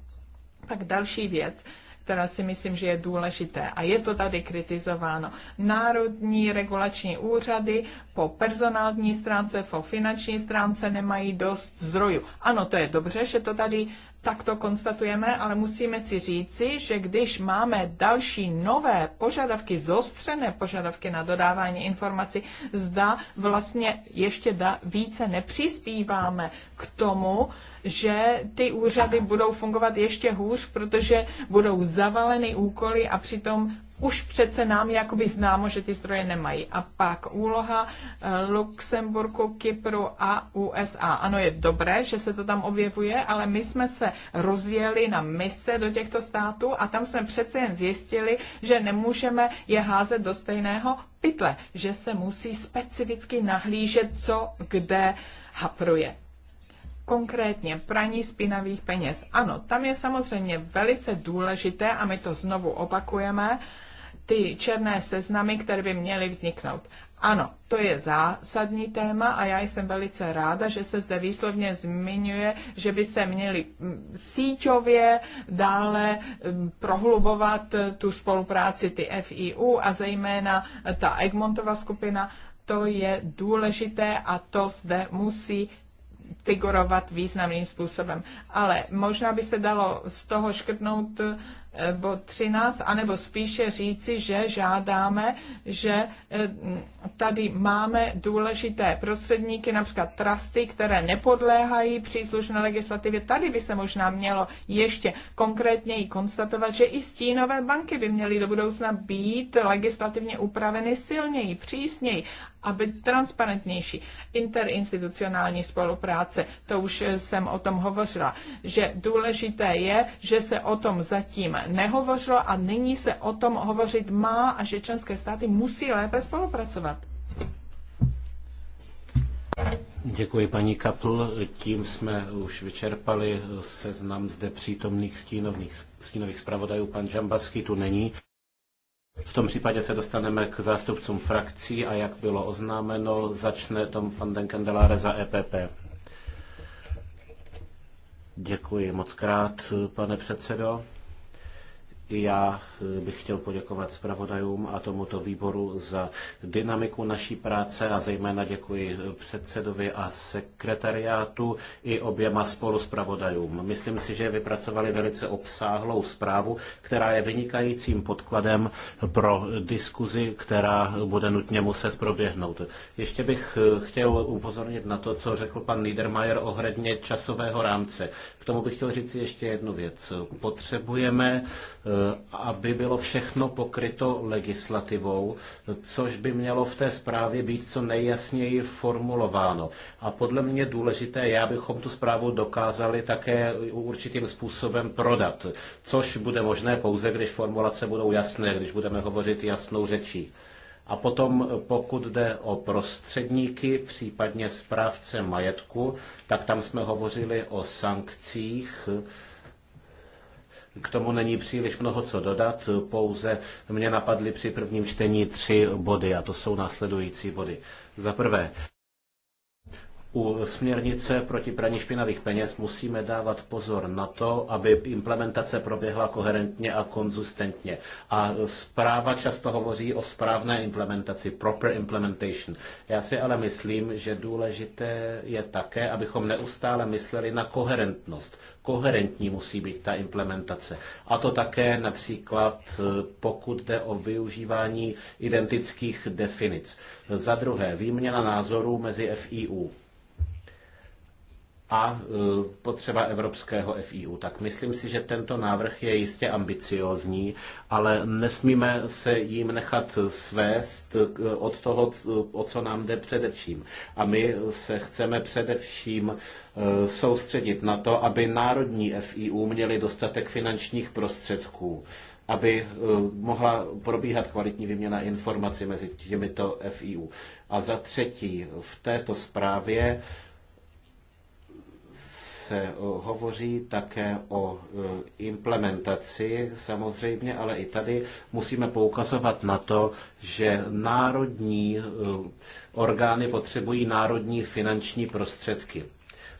Tak další věc, která si myslím, že je důležité. A je to tady kritizováno. Národní regulační úřady po personální stránce, po finanční stránce nemají dost zdrojů. Ano, to je dobře, že to tady tak to konstatujeme, ale musíme si říci, že když máme další nové požadavky, zostřené požadavky na dodávání informací, zda vlastně ještě da, více nepřispíváme k tomu, že ty úřady budou fungovat ještě hůř, protože budou zavaleny úkoly a přitom už přece nám jakoby známo, že ty zdroje nemají. A pak úloha eh, Luxemburku, Kypru a USA. Ano, je dobré, že se to tam objevuje, ale my jsme se rozjeli na mise do těchto států a tam jsme přece jen zjistili, že nemůžeme je házet do stejného pytle, že se musí specificky nahlížet, co kde hapruje konkrétně praní spinavých peněz. Ano, tam je samozřejmě velice důležité, a my to znovu opakujeme, ty černé seznamy, které by měly vzniknout. Ano, to je zásadní téma a já jsem velice ráda, že se zde výslovně zmiňuje, že by se měli mm, síťově dále mm, prohlubovat eh, tu spolupráci ty FIU a zejména eh, ta Egmontova skupina. To je důležité a to zde musí figurovat významným způsobem. Ale možná by se dalo z toho škrtnout eh, Eh, bod 13, anebo spíše říci, že žádáme, že eh, tady máme důležité prostředníky, například trusty, které nepodléhají příslušné legislativě. Tady by se možná mělo ještě konkrétněji konstatovat, že i stínové banky by měly do budoucna být legislativně upraveny silněji, přísněji a být transparentnější. Interinstitucionální spolupráce, to už jsem o tom hovořila, že důležité je, že se o tom zatím nehovořilo a nyní se o tom hovořit má a že členské státy musí lépe spolupracovat. Děkuji paní Kapl. Tím jsme už vyčerpali seznam zde přítomných stínových, stínových zpravodajů. Pan Žambaský tu není. V tom případě se dostaneme k zástupcům frakcí a jak bylo oznámeno, začne Tom van den Kandeláre za EPP. Děkuji moc krát, pane předsedo. I já eh, bych chtěl poděkovat zpravodajům a tomuto výboru za dynamiku naší práce a zejména děkuji eh, předsedovi a sekretariátu i oběma spoluzpravodajům. Myslím si, že vypracovali velice obsáhlou zprávu, která je vynikajícím podkladem pro diskuzi, která bude nutně muset proběhnout. Ještě bych eh, chtěl upozornit na to, co řekl pan Niedermayer ohledně časového rámce. K tomu bych chtěl říct ještě jednu věc. Potřebujeme Eh, aby bylo všechno pokryto legislativou, což by mělo v té zprávě být co nejjasněji formulováno. A podle mě důležité je, abychom tu zprávu dokázali také určitým způsobem prodat, což bude možné pouze, když formulace budou jasné, když budeme hovořit jasnou řečí. A potom, pokud jde o prostředníky, případně správce majetku, tak tam jsme hovořili o sankcích, k tomu není příliš mnoho co dodat, pouze mě napadly při prvním čtení tři body a to jsou následující body. Za prvé, u směrnice proti praní špinavých peněz musíme dávat pozor na to, aby implementace proběhla koherentně a konzistentně. A zpráva často hovoří o správné implementaci, proper implementation. Já si ale myslím, že důležité je také, abychom neustále mysleli na koherentnost. Koherentní musí být ta implementace. A to také například, pokud jde o využívání identických definic. Za druhé, výměna názorů mezi FIU a e, potřeba evropského FIU. Tak myslím si, že tento návrh je jistě ambiciózní, ale nesmíme se jim nechat svést od toho, o co nám jde především. A my se chceme především e, soustředit na to, aby národní FIU měli dostatek finančních prostředků aby e, mohla probíhat kvalitní výměna informací mezi těmito FIU. A za třetí, v této zprávě se eh, hovoří také o eh, implementaci samozřejmě, ale i tady musíme poukazovat na to, že národní eh, orgány potřebují národní finanční prostředky.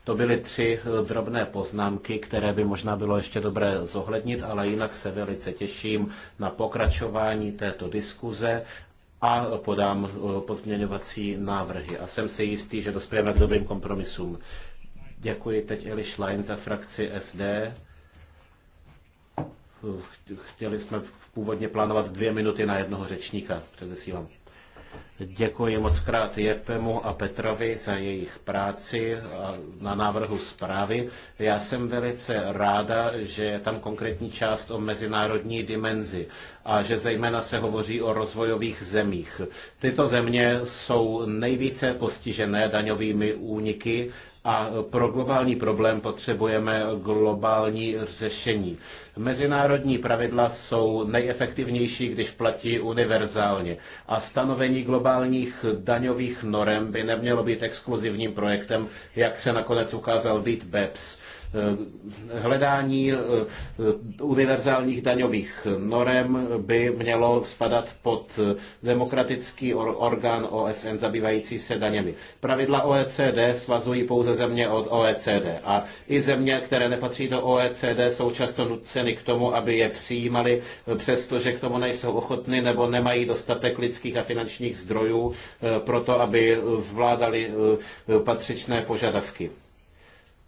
To byly tři drobné poznámky, které by možná bylo ještě dobré zohlednit, ale jinak se velice těším na pokračování této diskuze a podám pozměňovací návrhy. A jsem si jistý, že dospějeme k dobrým kompromisům. Děkuji teď Eli Schlein za frakci SD. Chtěli jsme původně plánovat dvě minuty na jednoho řečníka, předesílám. Děkuji moc krát Jepemu a Petrovi za jejich práci na návrhu zprávy. Já jsem velice ráda, že je tam konkrétní část o mezinárodní dimenzi a že zejména se hovoří o rozvojových zemích. Tyto země jsou nejvíce postižené daňovými úniky a pro globální problém potřebujeme globální řešení. Mezinárodní pravidla jsou nejefektivnější, když platí univerzálně. A stanovení globálních daňových norem by nemělo být exkluzivním projektem, jak se nakonec ukázal být BEPS Eh, hledání eh, univerzálních daňových norem by mělo spadat pod eh, demokratický orgán OSN zabývající se daněmi. Pravidla OECD svazují pouze země od OECD a i země, které nepatří do OECD, jsou často nuceny k tomu, aby je přijímali, přestože k tomu nejsou ochotny nebo nemají dostatek lidských a finančních zdrojů pro to, aby zvládali patřičné požadavky.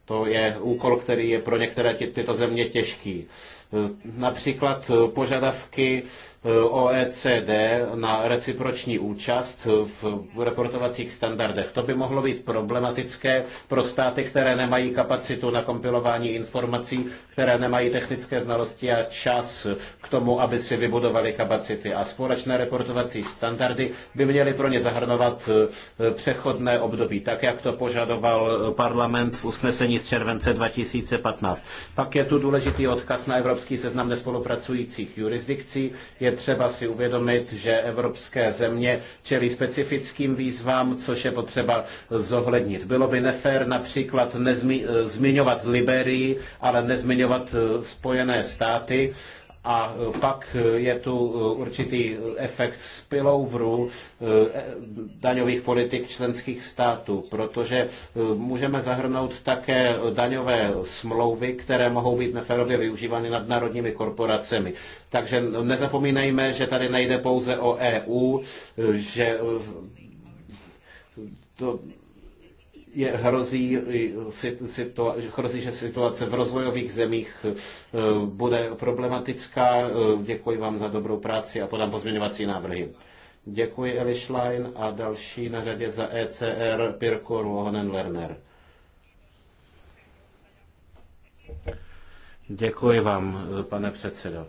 To je úkol, který je pro některé tyto země těžký. Například požadavky OECD na reciproční účast v reportovacích standardech. To by mohlo být problematické pro státy, které nemají kapacitu na kompilování informací, které nemají technické znalosti a čas k tomu, aby si vybudovali kapacity. A společné reportovací standardy by měly pro ně zahrnovat e, přechodné období, tak jak to požadoval parlament v usnesení z července 2015. Pak je tu důležitý odkaz na Evropský seznam nespolupracujících jurisdikcí. Je je třeba si uvědomit, že evropské země čelí specifickým výzvám, což je potřeba zohlednit. Bylo by nefér například nezmi, eh, zmiňovat Liberii, ale nezmiňovat eh, Spojené státy, a e, pak e, je tu e, určitý efekt spillovru daňových politik členských států, protože můžeme zahrnout také daňové smlouvy, které mohou být neférově využívány nadnárodními korporacemi. Takže nezapomínejme, že tady nejde pouze o EU, že to, je, hrozí, situa, hrozí, že situace v rozvojových zemích e, bude problematická. E, děkuji vám za dobrou práci a podám pozměňovací návrhy. Děkuji Eli a další na řadě za ECR Pirko Ruohonen Lerner. Děkuji vám, pane předsedo.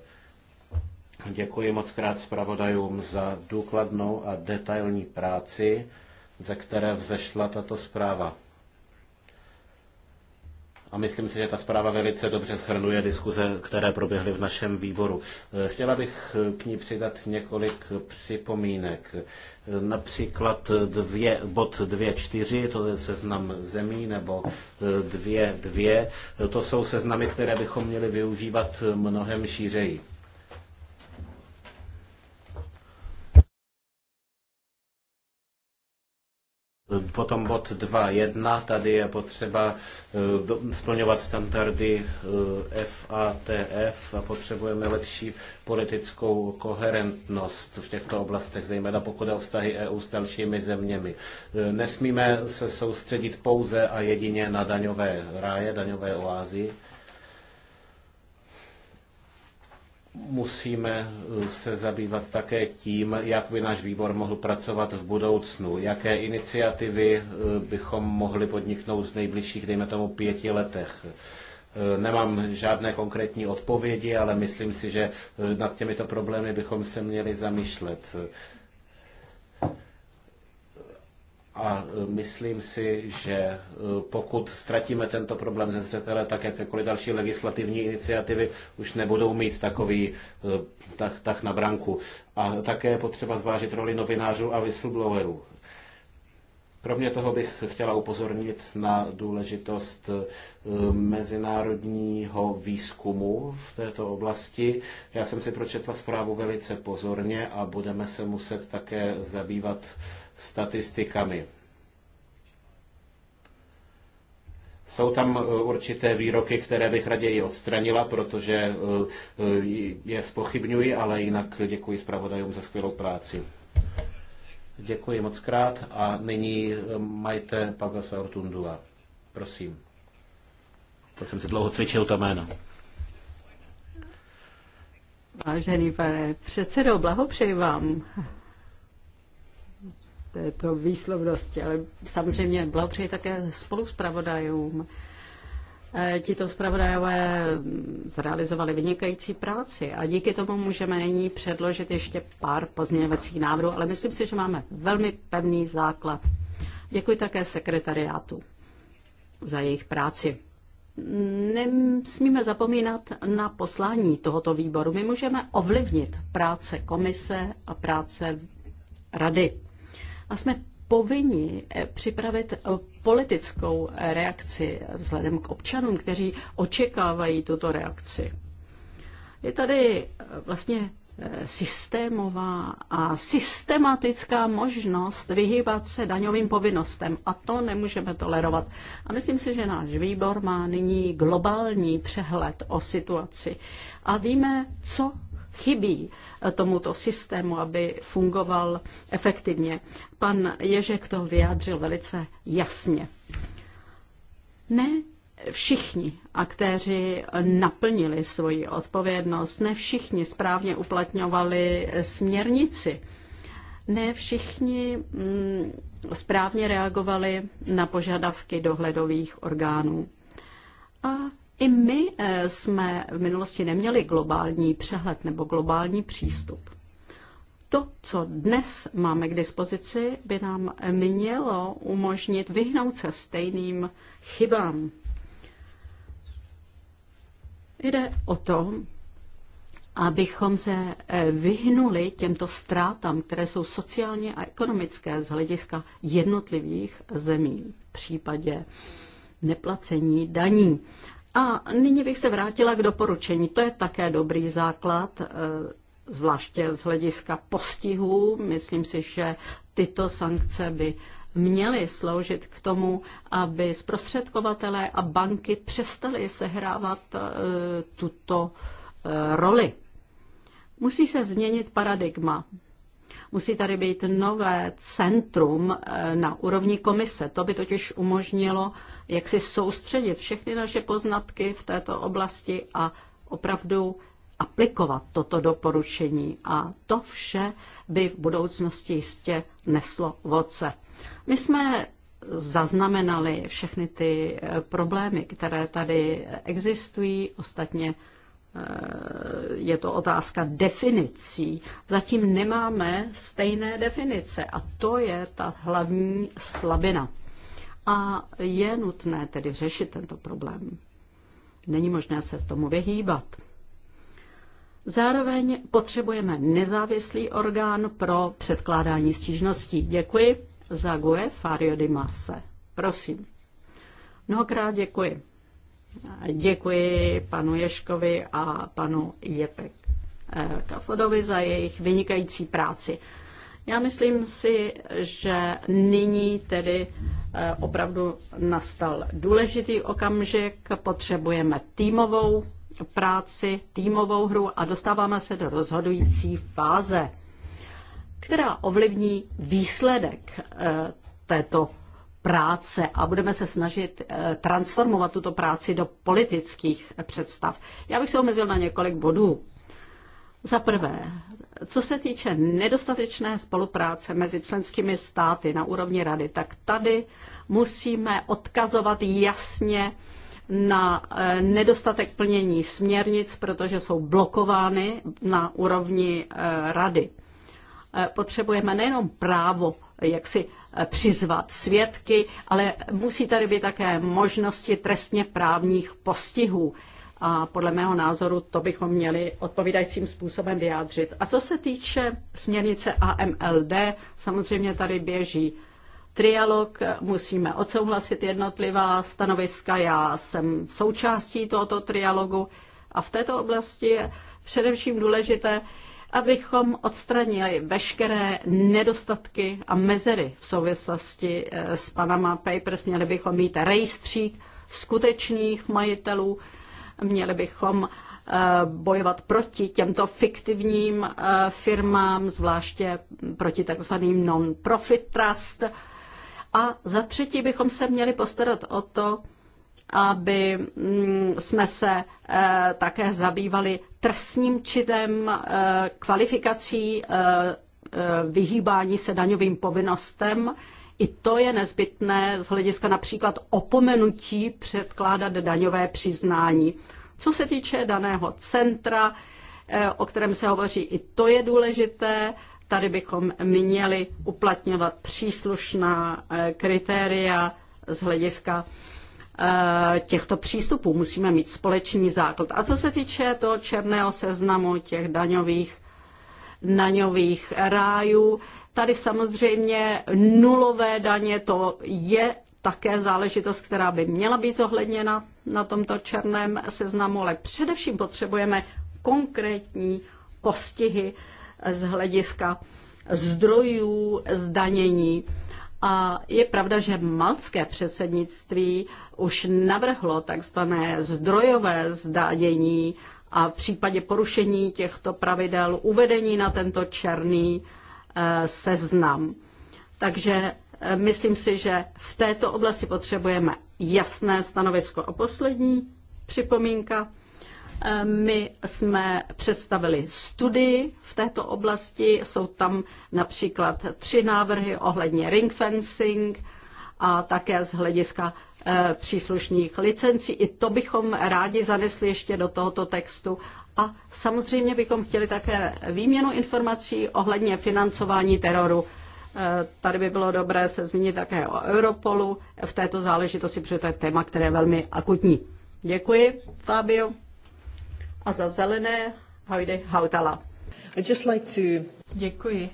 Děkuji moc krát zpravodajům za důkladnou a detailní práci ze které vzešla tato zpráva. A myslím si, že ta zpráva velice dobře shrnuje diskuze, které proběhly v našem výboru. Eh, chtěla bych eh, k ní přidat několik připomínek. Eh, například dvě, bod 2.4, to je seznam zemí, nebo 2.2, to jsou seznamy, které bychom měli využívat mnohem šířeji. Potom bod 2.1, tady je potřeba eh, splňovat standardy FATF eh, a potřebujeme lepší politickou koherentnost v těchto oblastech, zejména pokud je o vztahy EU s dalšími zeměmi. Eh, nesmíme se soustředit pouze a jedině na daňové ráje, daňové oázy musíme eh, se zabývat také tím, jak by náš výbor mohl pracovat v budoucnu, jaké iniciativy eh, bychom mohli podniknout v nejbližších, dejme tomu, pěti letech. Eh, nemám žádné konkrétní odpovědi, ale myslím si, že nad těmito problémy bychom se měli zamýšlet. A e, myslím si, že e, pokud ztratíme tento problém ze zřetele, tak jakékoliv další legislativní iniciativy už nebudou mít takový e, tak, tak na branku. A také je potřeba zvážit roli novinářů a whistleblowerů. Kromě toho bych chtěla upozornit na důležitost mezinárodního výzkumu v této oblasti. Já jsem si pročetla zprávu velice pozorně a budeme se muset také zabývat statistikami. Jsou tam eh, určité výroky, které bych raději odstranila, protože eh, eh, je spochybňuji, ale jinak děkuji zpravodajům za skvělou práci. Děkuji moc krát a nyní majte Pagasa Ortundua. Prosím. To jsem si dlouho cvičil to jméno. Vážený pane předsedo, blahopřeji vám této výslovnosti, ale samozřejmě blahopřeji také spolu s pravodajům. E, tito zpravodajové zrealizovali vynikající práci a díky tomu můžeme nyní předložit ještě pár pozměňovacích návrhů, ale myslím si, že máme velmi pevný základ. Děkuji také sekretariátu za jejich práci. Nesmíme zapomínat na poslání tohoto výboru. My můžeme ovlivnit práce komise a práce rady a jsme povinni eh, připravit eh, politickou reakci vzhledem k občanům, kteří očekávají tuto reakci. Je tady eh, vlastně systémová a systematická možnost vyhýbat se daňovým povinnostem a to nemůžeme tolerovat. A myslím si, že náš výbor má nyní globální přehled o situaci a víme, co chybí tomuto systému, aby fungoval efektivně. Pan Ježek to vyjádřil velice jasně. Ne všichni aktéři naplnili svoji odpovědnost, ne všichni správně uplatňovali směrnici, ne všichni mm, správně reagovali na požadavky dohledových orgánů. A i my eh, jsme v minulosti neměli globální přehled nebo globální přístup. To, co dnes máme k dispozici, by nám mělo umožnit vyhnout se stejným chybám. Jde o to, abychom se eh, vyhnuli těmto ztrátám, které jsou sociálně a ekonomické z hlediska jednotlivých zemí v případě neplacení daní. A nyní bych se vrátila k doporučení. To je také dobrý základ, eh, zvláště z hlediska postihů. Myslím si, že tyto sankce by měly sloužit k tomu, aby zprostředkovatelé a banky přestali sehrávat eh, tuto eh, roli. Musí se změnit paradigma. Musí tady být nové centrum na úrovni komise. To by totiž umožnilo jak si soustředit všechny naše poznatky v této oblasti a opravdu aplikovat toto doporučení. A to vše by v budoucnosti jistě neslo voce. My jsme zaznamenali všechny ty eh, problémy, které tady existují. Ostatně eh, je to otázka definicí. Zatím nemáme stejné definice a to je ta hlavní slabina a je nutné tedy řešit tento problém. Není možné se tomu vyhýbat. Zároveň potřebujeme nezávislý orgán pro předkládání stížností. Děkuji. Zague Fario Di Marse. Prosím. Mnohokrát děkuji. Děkuji panu Ješkovi a panu Jepek eh, Kaflodovi za jejich vynikající práci. Já myslím si, že nyní tedy eh, opravdu nastal důležitý okamžik, potřebujeme týmovou práci, týmovou hru a dostáváme se do rozhodující fáze, která ovlivní výsledek eh, této práce a budeme se snažit eh, transformovat tuto práci do politických představ. Já bych se omezil na několik bodů za prvé, co se týče nedostatečné spolupráce mezi členskými státy na úrovni rady, tak tady musíme odkazovat jasně na eh, nedostatek plnění směrnic, protože jsou blokovány na úrovni eh, rady. Eh, potřebujeme nejenom právo, jak si přizvat svědky, ale musí tady být také možnosti trestně právních postihů a podle mého názoru to bychom měli odpovídajícím způsobem vyjádřit. A co se týče směrnice AMLD, samozřejmě tady běží trialog, musíme odsouhlasit jednotlivá stanoviska. Já jsem součástí tohoto trialogu a v této oblasti je především důležité, abychom odstranili veškeré nedostatky a mezery v souvislosti eh, s Panama Papers. Měli bychom mít rejstřík skutečných majitelů, Měli bychom eh, bojovat proti těmto fiktivním eh, firmám, zvláště proti takzvaným non-profit trust. A za třetí bychom se měli postarat o to, aby mm, jsme se eh, také zabývali trestním činem kvalifikací vyhýbání se daňovým povinnostem i to je nezbytné z hlediska například opomenutí předkládat daňové přiznání. Co se týče daného centra, eh, o kterém se hovoří, i to je důležité. Tady bychom měli uplatňovat příslušná eh, kritéria z hlediska eh, těchto přístupů. Musíme mít společný základ. A co se týče toho černého seznamu těch daňových daňových rájů. Tady samozřejmě nulové daně, to je také záležitost, která by měla být zohledněna na tomto černém seznamu, ale především potřebujeme konkrétní postihy z hlediska zdrojů zdanění. A je pravda, že malské předsednictví už navrhlo takzvané zdrojové zdanění a v případě porušení těchto pravidel uvedení na tento černý Eh, seznam. Takže eh, myslím si, že v této oblasti potřebujeme jasné stanovisko. A poslední připomínka. Eh, my jsme představili studii v této oblasti, jsou tam například tři návrhy ohledně ring fencing a také z hlediska příslušných licencí. I to bychom rádi zanesli ještě do tohoto textu a samozřejmě bychom chtěli také výměnu informací ohledně financování teroru. E, tady by bylo dobré se zmínit také o Europolu v této záležitosti, protože to je téma, které je velmi akutní. Děkuji, Fabio. A za zelené Hajde Hautala. Just like to... Děkuji.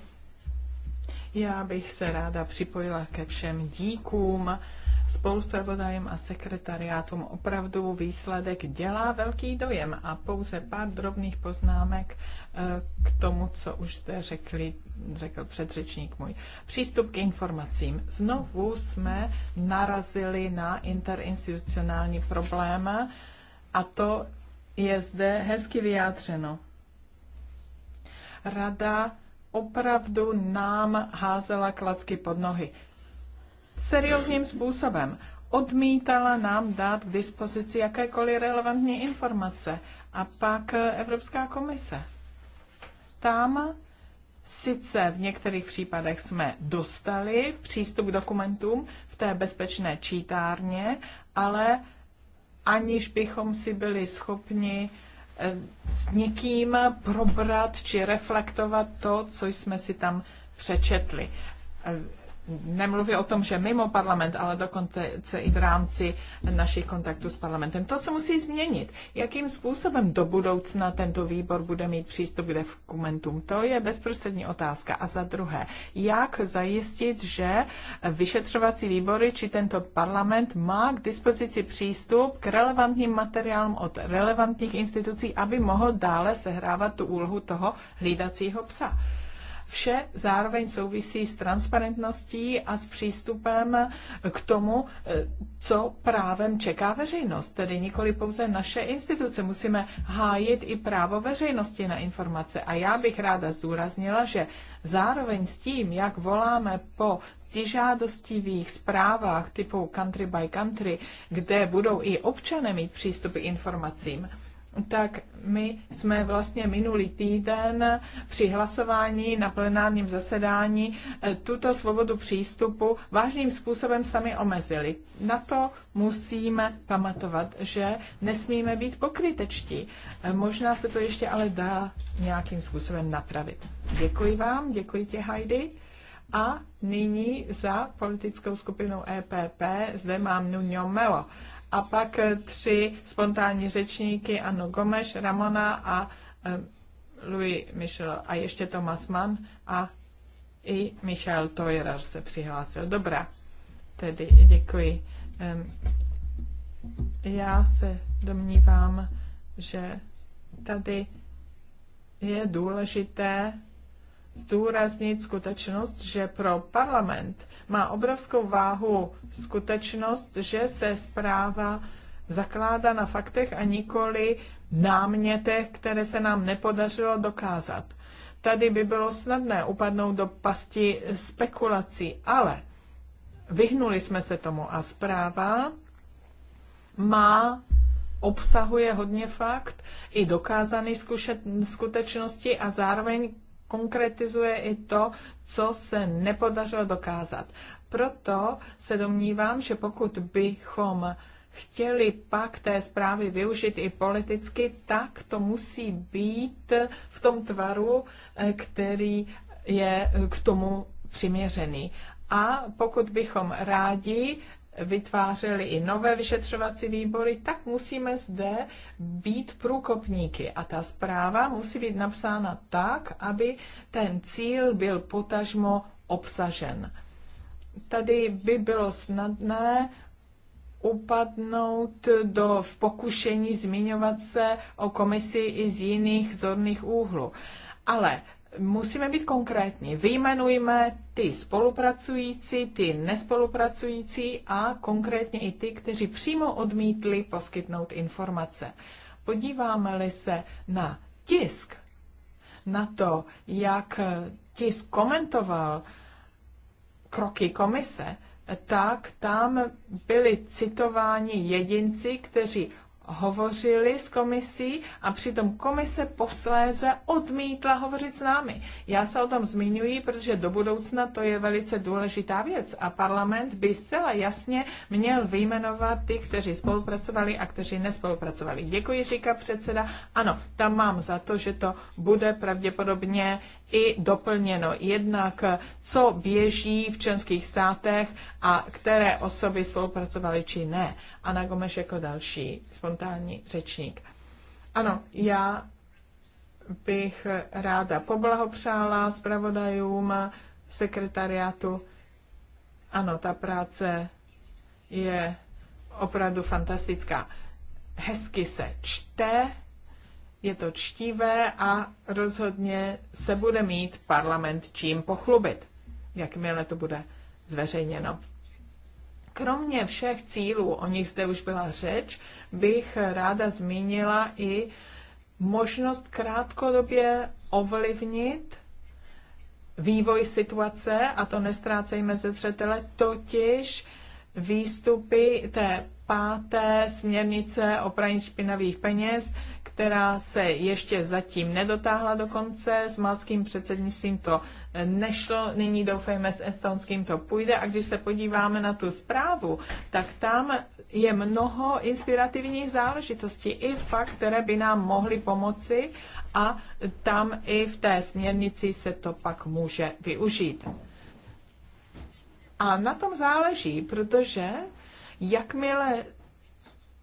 Já bych se ráda připojila ke všem díkům spoluzpravodajem a sekretariátom Opravdu výsledek dělá velký dojem a pouze pár drobných poznámek eh, k tomu, co už jste řekli, řekl předřečník můj. Přístup k informacím. Znovu jsme narazili na interinstitucionální problém a to je zde hezky vyjádřeno. Rada opravdu nám házela klacky pod nohy seriózním způsobem. Odmítala nám dát k dispozici jakékoliv relevantní informace. A pak eh, Evropská komise. Tam sice v některých případech jsme dostali přístup k dokumentům v té bezpečné čítárně, ale aniž bychom si byli schopni eh, s někým probrat či reflektovat to, co jsme si tam přečetli. Eh, nemluví o tom, že mimo parlament, ale dokonce i v rámci našich kontaktů s parlamentem. To se musí změnit. Jakým způsobem do budoucna tento výbor bude mít přístup k dokumentům? To je bezprostřední otázka. A za druhé, jak zajistit, že vyšetřovací výbory či tento parlament má k dispozici přístup k relevantním materiálům od relevantních institucí, aby mohl dále sehrávat tu úlohu toho hlídacího psa? vše zároveň souvisí s transparentností a s přístupem eh, k tomu, eh, co právem čeká veřejnost. Tedy nikoli pouze naše instituce. Musíme hájit i právo veřejnosti na informace. A já bych ráda zdůraznila, že zároveň s tím, jak voláme po žádostivých zprávách typu country by country, kde budou i občané mít přístup k informacím, tak my jsme vlastně minulý týden při hlasování na plenárním zasedání eh, tuto svobodu přístupu vážným způsobem sami omezili. Na to musíme pamatovat, že nesmíme být pokrytečtí. Eh, možná se to ještě ale dá nějakým způsobem napravit. Děkuji vám, děkuji tě Heidi. A nyní za politickou skupinou EPP zde mám Nuno Melo a pak eh, tři spontánní řečníky, Anu Gomeš, Ramona a eh, Louis Michel a ještě Thomas Mann a i Michel Toirer se přihlásil. Dobrá, tedy děkuji. Já se domnívám, že tady je důležité zdůraznit skutečnost, že pro parlament má obrovskou váhu skutečnost, že se zpráva zakládá na faktech a nikoli námětech, které se nám nepodařilo dokázat. Tady by bylo snadné upadnout do pasti spekulací, ale vyhnuli jsme se tomu a zpráva má obsahuje hodně fakt i dokázané skutečnosti a zároveň konkretizuje i to, co se nepodařilo dokázat. Proto se domnívám, že pokud bychom chtěli pak té zprávy využít i politicky, tak to musí být v tom tvaru, eh, který je k tomu přiměřený. A pokud bychom rádi Vytvářeli i nové vyšetřovací výbory, tak musíme zde být průkopníky. A ta zpráva musí být napsána tak, aby ten cíl byl potažmo obsažen. Tady by bylo snadné upadnout do v pokušení zmiňovat se o komisi i z jiných zorných úhlů. Ale musíme být konkrétní. Vyjmenujme ty spolupracující, ty nespolupracující a konkrétně i ty, kteří přímo odmítli poskytnout informace. Podíváme-li se na tisk, na to, jak tisk komentoval kroky komise, tak tam byli citováni jedinci, kteří hovořili s komisí a přitom komise posléze odmítla hovořit s námi. Já se o tom zmiňuji, protože do budoucna to je velice důležitá věc a parlament by zcela jasně měl vyjmenovat ty, kteří spolupracovali a kteří nespolupracovali. Děkuji, říká předseda. Ano, tam mám za to, že to bude pravděpodobně i doplněno jednak, co běží v členských státech a které osoby spolupracovaly či ne. Ana Gomeš jako další spontánní řečník. Ano, já bych ráda poblahopřála zpravodajům sekretariátu. Ano, ta práce je opravdu fantastická. Hezky se čte, je to čtivé a rozhodně se bude mít parlament čím pochlubit, jakmile to bude zveřejněno. Kromě všech cílů, o nich zde už byla řeč, bych ráda zmínila i možnost krátkodobě ovlivnit vývoj situace, a to nestrácejme ze zřetele, totiž výstupy té páté směrnice o praní špinavých peněz, která se ještě zatím nedotáhla do konce. S malckým předsednictvím to nešlo, nyní doufejme s estonským to půjde. A když se podíváme na tu zprávu, tak tam je mnoho inspirativních záležitostí i fakt, které by nám mohly pomoci a tam i v té směrnici se to pak může využít. A na tom záleží, protože Jakmile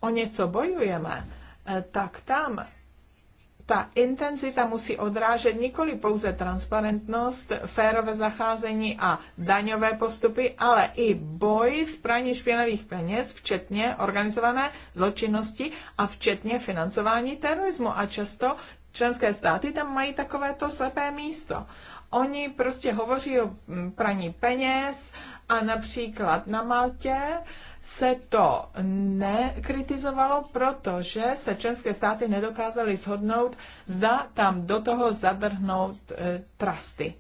o něco bojujeme, eh, tak tam ta intenzita musí odrážet nikoli pouze transparentnost, férové zacházení a daňové postupy, ale i boj s praní špinavých peněz, včetně organizované zločinnosti a včetně financování terorismu. A často členské státy tam mají takovéto slepé místo. Oni prostě hovoří o mm, praní peněz a například na Maltě uh, se to nekritizovalo, protože se české státy nedokázaly shodnout, zda tam do toho zabrhnout e, trusty.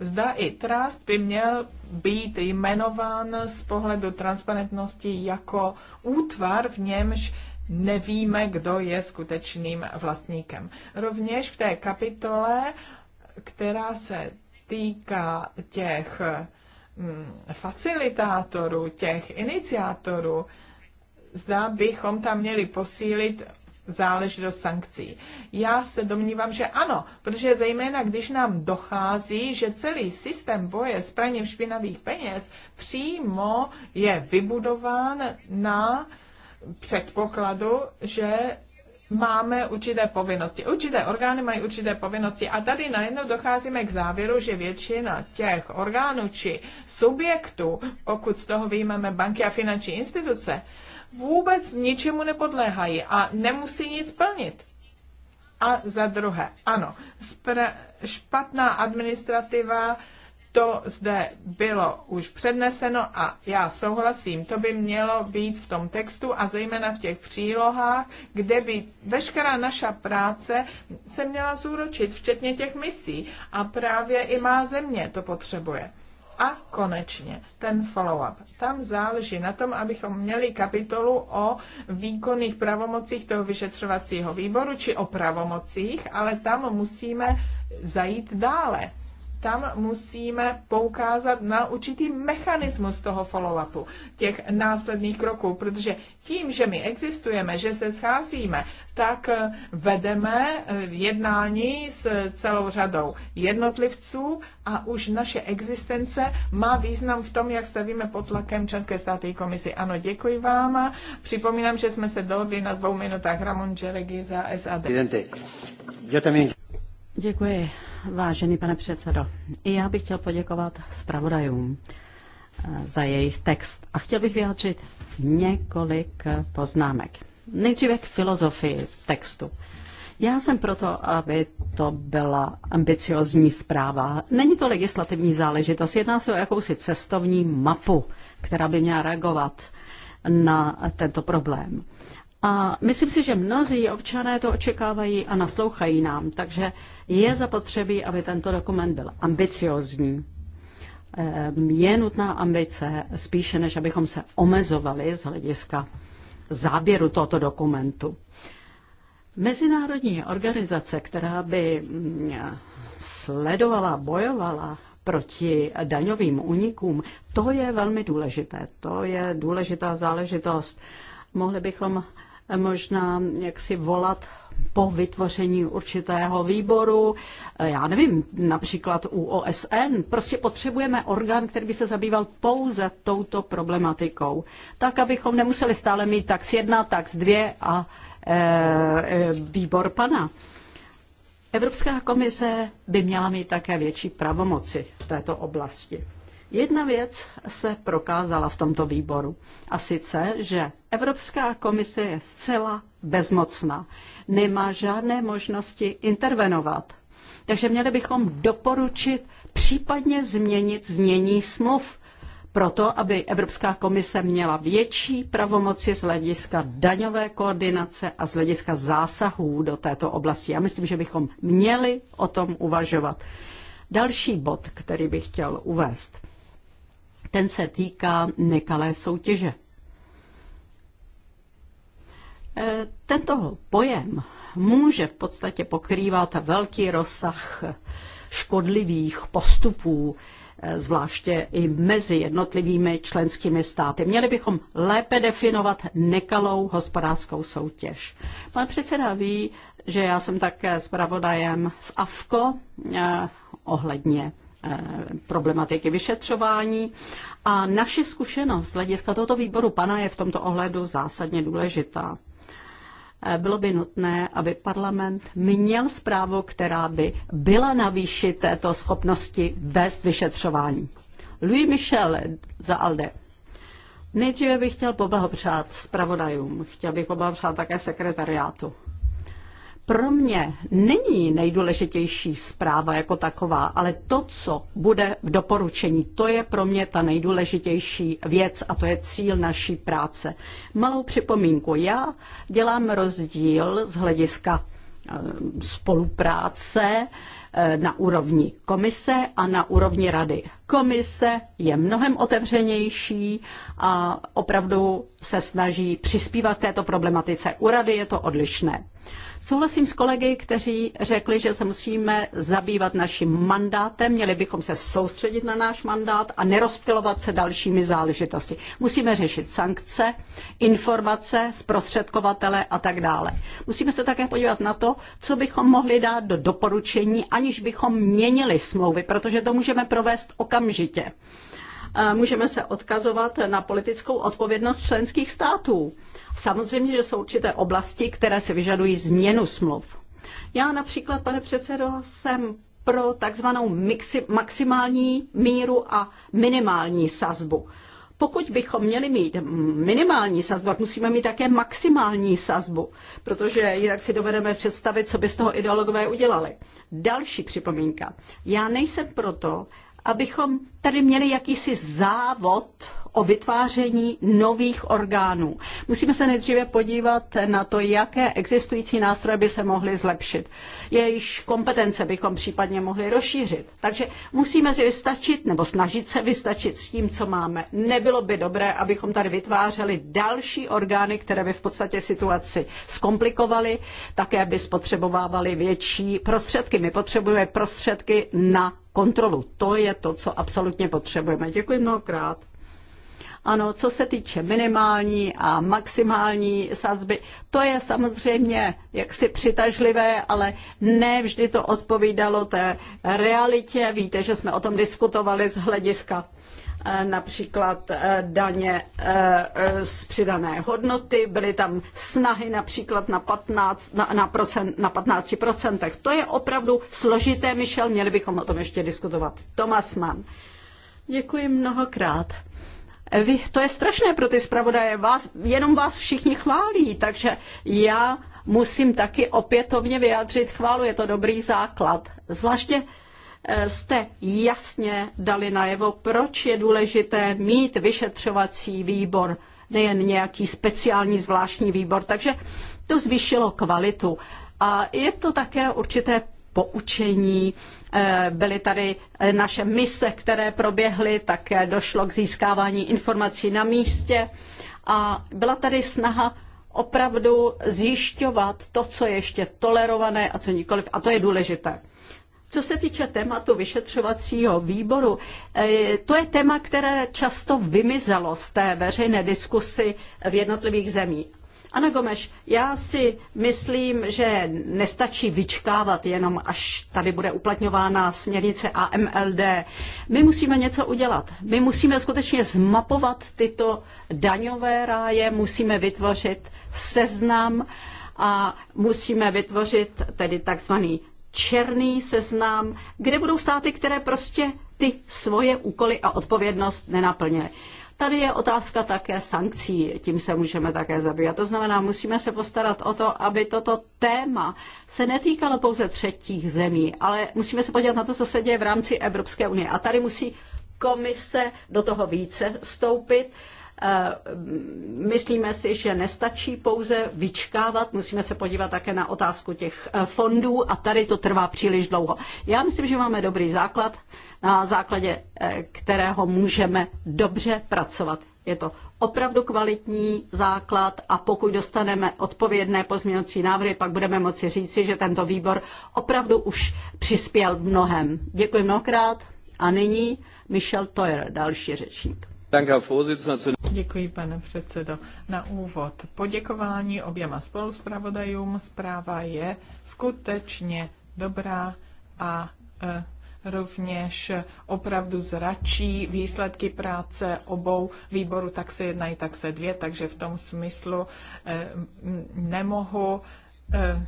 Zda i trust by měl být jmenován z pohledu transparentnosti jako útvar, v němž nevíme, kdo je skutečným vlastníkem. Rovněž v té kapitole, která se týká těch Mm, facilitátorů, těch iniciátorů, zda bychom tam měli posílit záležitost sankcí. Já se domnívám, že ano, protože zejména když nám dochází, že celý systém boje s praním špinavých peněz přímo je vybudován na předpokladu, že máme určité povinnosti. Určité orgány mají určité povinnosti a tady najednou docházíme k závěru, že většina těch orgánů či subjektů, pokud z toho vyjmeme banky a finanční instituce, vůbec ničemu nepodléhají a nemusí nic plnit. A za druhé, ano, špatná administrativa to zde bylo už předneseno a já souhlasím, to by mělo být v tom textu a zejména v těch přílohách, kde by veškerá naša práce se měla zúročit, včetně těch misí. A právě i má země to potřebuje. A konečně ten follow-up. Tam záleží na tom, abychom měli kapitolu o výkonných pravomocích toho vyšetřovacího výboru či o pravomocích, ale tam musíme zajít dále tam musíme poukázat na určitý mechanismus toho follow-upu, těch následných kroků, protože tím, že my existujeme, že se scházíme, tak eh, vedeme eh, jednání s celou řadou jednotlivců a už naše existence má význam v tom, jak stavíme pod tlakem České státy komisi. Ano, děkuji vám. Připomínám, že jsme se dohodli na dvou minutách Ramon Jeregi za SAD. Presidente, Děkuji, vážený pane předsedo. I já bych chtěl poděkovat zpravodajům eh, za jejich text a chtěl bych vyjádřit několik poznámek. Nejdříve k filozofii textu. Já jsem proto, aby to byla ambiciozní zpráva. Není to legislativní záležitost, jedná se o jakousi cestovní mapu, která by měla reagovat na tento problém. A myslím si, že mnozí občané to očekávají a naslouchají nám, takže je zapotřebí, aby tento dokument byl ambiciozní. Ehm, je nutná ambice spíše, než abychom se omezovali z hlediska záběru tohoto dokumentu. Mezinárodní organizace, která by mm, sledovala, bojovala proti daňovým unikům, to je velmi důležité. To je důležitá záležitost. Mohli bychom možná jaksi volat po vytvoření určitého výboru, já nevím, například u OSN. Prostě potřebujeme orgán, který by se zabýval pouze touto problematikou. Tak, abychom nemuseli stále mít tax 1, tax dvě a e, e, výbor pana. Evropská komise by měla mít také větší pravomoci v této oblasti. Jedna věc se prokázala v tomto výboru, a sice, že Evropská komise je zcela bezmocná, nemá žádné možnosti intervenovat. Takže měli bychom doporučit případně změnit změní smluv, proto aby Evropská komise měla větší pravomoci z hlediska daňové koordinace a z hlediska zásahů do této oblasti. Já myslím, že bychom měli o tom uvažovat. Další bod, který bych chtěl uvést. Ten se týká nekalé soutěže. E, tento pojem může v podstatě pokrývat velký rozsah škodlivých postupů, e, zvláště i mezi jednotlivými členskými státy. Měli bychom lépe definovat nekalou hospodářskou soutěž. Pan předseda ví, že já jsem také zpravodajem v AFKO eh, ohledně Eh, problematiky vyšetřování. A naše zkušenost z hlediska tohoto výboru pana je v tomto ohledu zásadně důležitá. Eh, bylo by nutné, aby parlament měl zprávu, která by byla na výši této schopnosti vést vyšetřování. Louis Michel za ALDE. Nejdříve bych chtěl poblahopřát zpravodajům, chtěl bych poblahopřát také sekretariátu pro mě není nejdůležitější zpráva jako taková, ale to, co bude v doporučení, to je pro mě ta nejdůležitější věc a to je cíl naší práce. Malou připomínku, já dělám rozdíl z hlediska eh, spolupráce Eh, na úrovni komise a na úrovni rady. Komise je mnohem otevřenější a opravdu se snaží přispívat této problematice. U rady je to odlišné. Souhlasím s kolegy, kteří řekli, že se musíme zabývat naším mandátem, měli bychom se soustředit na náš mandát a nerozptilovat se dalšími záležitosti. Musíme řešit sankce, informace, zprostředkovatele a tak dále. Musíme se také podívat na to, co bychom mohli dát do doporučení a aniž bychom měnili smlouvy, protože to můžeme provést okamžitě. E, můžeme se odkazovat na politickou odpovědnost členských států. Samozřejmě, že jsou určité oblasti, které si vyžadují změnu smluv. Já například, pane předsedo, jsem pro takzvanou maximální míru a minimální sazbu. Pokud bychom měli mít minimální sazbu, tak musíme mít také maximální sazbu, protože jinak si dovedeme představit, co by z toho ideologové udělali. Další připomínka. Já nejsem proto, abychom tady měli jakýsi závod o vytváření nových orgánů. Musíme se nejdříve podívat na to, jaké existující nástroje by se mohly zlepšit. Jejíž kompetence bychom případně mohli rozšířit. Takže musíme si vystačit nebo snažit se vystačit s tím, co máme. Nebylo by dobré, abychom tady vytvářeli další orgány, které by v podstatě situaci zkomplikovaly, také by spotřebovávaly větší prostředky. My potřebujeme prostředky na kontrolu. To je to, co absolutně absolutně potřebujeme. Děkuji mnohokrát. Ano, co se týče minimální a maximální sazby, to je samozřejmě jaksi přitažlivé, ale ne vždy to odpovídalo té realitě. Víte, že jsme o tom diskutovali z hlediska eh, například eh, daně eh, z přidané hodnoty, byly tam snahy například na 15, na, na, procent, na 15%. To je opravdu složité, Michel, měli bychom o tom ještě diskutovat. Tomas Mann. Děkuji mnohokrát. E, vy, to je strašné pro ty zpravodaje, vás, jenom vás všichni chválí, takže já musím taky opětovně vyjádřit chválu, je to dobrý základ. Zvláště e, jste jasně dali najevo, proč je důležité mít vyšetřovací výbor, nejen nějaký speciální zvláštní výbor. Takže to zvýšilo kvalitu. A je to také určité poučení Eh, byly tady eh, naše mise, které proběhly, tak eh, došlo k získávání informací na místě a byla tady snaha opravdu zjišťovat to, co je ještě tolerované a co nikoliv. A to je důležité. Co se týče tématu vyšetřovacího výboru, to je téma, které často vymizelo z té veřejné diskusy v jednotlivých zemích. Ana Gomeš, já si myslím, že nestačí vyčkávat jenom, až tady bude uplatňována směrnice AMLD. My musíme něco udělat. My musíme skutečně zmapovat tyto daňové ráje, musíme vytvořit seznam a musíme vytvořit tedy takzvaný černý seznam, kde budou státy, které prostě ty svoje úkoly a odpovědnost nenaplnily. Tady je otázka také sankcí, tím se můžeme také zabývat. To znamená, musíme se postarat o to, aby toto téma se netýkalo pouze třetích zemí, ale musíme se podívat na to, co se děje v rámci Evropské unie. A tady musí komise do toho více vstoupit. Eh, myslíme si, že nestačí pouze vyčkávat, musíme se podívat také na otázku těch eh, fondů a tady to trvá příliš dlouho. Já myslím, že máme dobrý základ na základě eh, kterého můžeme dobře pracovat. Je to opravdu kvalitní základ a pokud dostaneme odpovědné pozměňovací návrhy, pak budeme moci říci, že tento výbor opravdu už přispěl v mnohem. Děkuji mnohokrát a nyní Michel Toyer, další řečník. Děkuji, pane předsedo. Na úvod poděkování oběma spoluspravodajům. Zpráva je skutečně dobrá a e, rovněž opravdu zračí výsledky práce obou výborů, tak se jedna i tak se dvě, takže v tom smyslu eh, nemohu eh,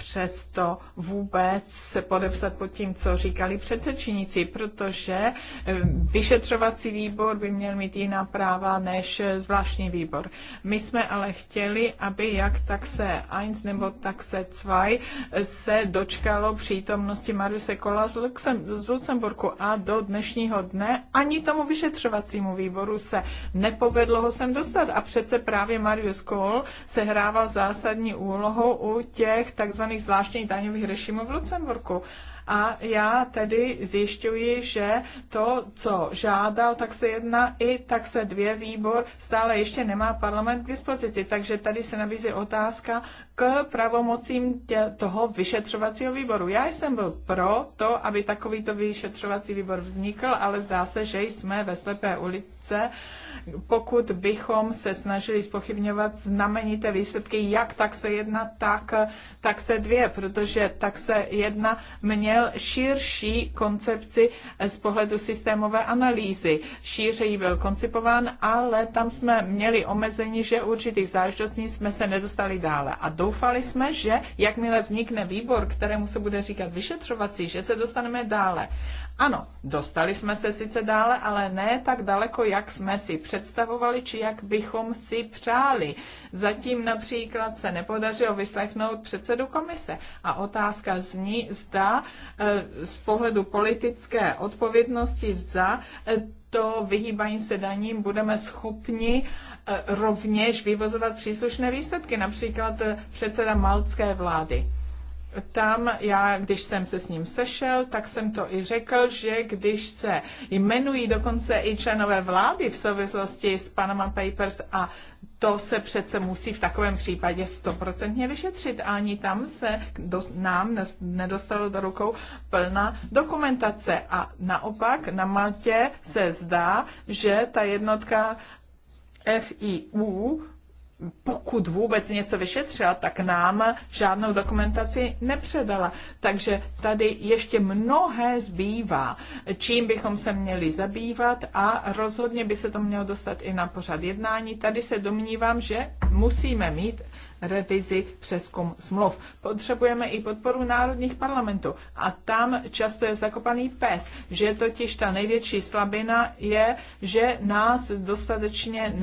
přesto vůbec se podepsat pod tím, co říkali předsečníci, protože eh, vyšetřovací výbor by měl mít jiná práva než zvláštní výbor. My jsme ale chtěli, aby jak tak se Eins nebo tak se Zwei eh, se dočkalo přítomnosti Marise Kola z, Luxem, z Lucemburku a do dnešního dne ani tomu vyšetřovacímu výboru se nepovedlo ho sem dostat. A přece právě Marius Kohl sehrával zásadní úlohou u těch takzvaných takzvaných zvláštních daňových režimů v Lucemburku. A já tedy zjišťuji, že to, co žádal, tak se jedna i tak se dvě výbor stále ještě nemá parlament k dispozici. Takže tady se nabízí otázka, k pravomocím tě, toho vyšetřovacího výboru. Já jsem byl pro to, aby takovýto vyšetřovací výbor vznikl, ale zdá se, že jsme ve slepé ulice, pokud bychom se snažili spochybňovat znamenité výsledky, jak tak se jedna, tak, tak se dvě, protože tak se jedna měl širší koncepci z pohledu systémové analýzy. Šířejí byl koncipován, ale tam jsme měli omezení, že určitých záležitostí jsme se nedostali dále. A doufám, doufali jsme, že jakmile vznikne výbor, kterému se bude říkat vyšetřovací, že se dostaneme dále. Ano, dostali jsme se sice dále, ale ne tak daleko, jak jsme si představovali, či jak bychom si přáli. Zatím například se nepodařilo vyslechnout předsedu komise. A otázka zní, zda eh, z pohledu politické odpovědnosti za eh, to vyhýbání se daním budeme schopni Eh, rovněž vyvozovat příslušné výsledky, například eh, předseda maltské vlády. Tam já, když jsem se s ním sešel, tak jsem to i řekl, že když se jmenují dokonce i členové vlády v souvislosti s Panama Papers a to se přece musí v takovém případě stoprocentně vyšetřit. A ani tam se do, nám nedostalo do rukou plná dokumentace. A naopak na Maltě se zdá, že ta jednotka FIU, pokud vůbec něco vyšetřila, tak nám žádnou dokumentaci nepředala. Takže tady ještě mnohé zbývá, čím bychom se měli zabývat a rozhodně by se to mělo dostat i na pořad jednání. Tady se domnívám, že musíme mít revizi přeskum smluv. Potřebujeme i podporu národních parlamentů a tam často je zakopaný pes, že totiž ta největší slabina je, že nás dostatečně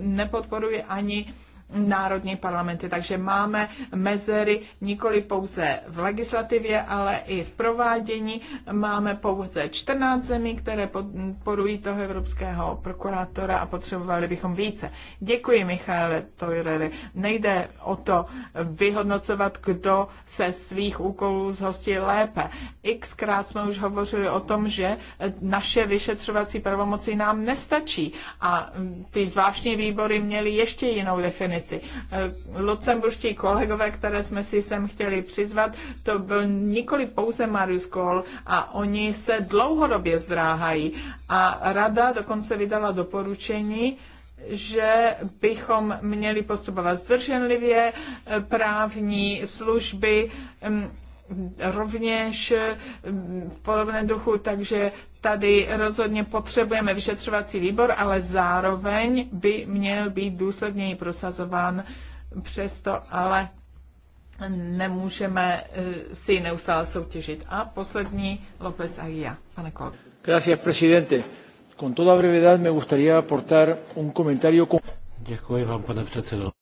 nepodporuje ani národní parlamenty. Takže máme mezery nikoli pouze v legislativě, ale i v provádění. Máme pouze 14 zemí, které podporují toho evropského prokurátora a potřebovali bychom více. Děkuji, Michale Tojrery. Nejde o to vyhodnocovat, kdo se svých úkolů zhostí lépe. Xkrát jsme už hovořili o tom, že naše vyšetřovací pravomoci nám nestačí a ty zvláštní výbory měly ještě jinou definici směrnici. Eh, Lucemburští kolegové, které jsme si sem chtěli přizvat, to byl nikoli pouze Marius Kohl a oni se dlouhodobě zdráhají. A rada dokonce vydala doporučení, že bychom měli postupovat zdrženlivě, eh, právní služby mm, rovněž mm, v podobném duchu, takže tady rozhodně potřebujeme vyšetřovací výbor, ale zároveň by měl být důsledněji prosazován přesto, ale nemůžeme eh, si neustále soutěžit. A poslední López Aguia. Pane Kol. Gracias, presidente. Con toda brevedad me gustaría aportar un comentario. Con... Děkuji vám, pane předsedo.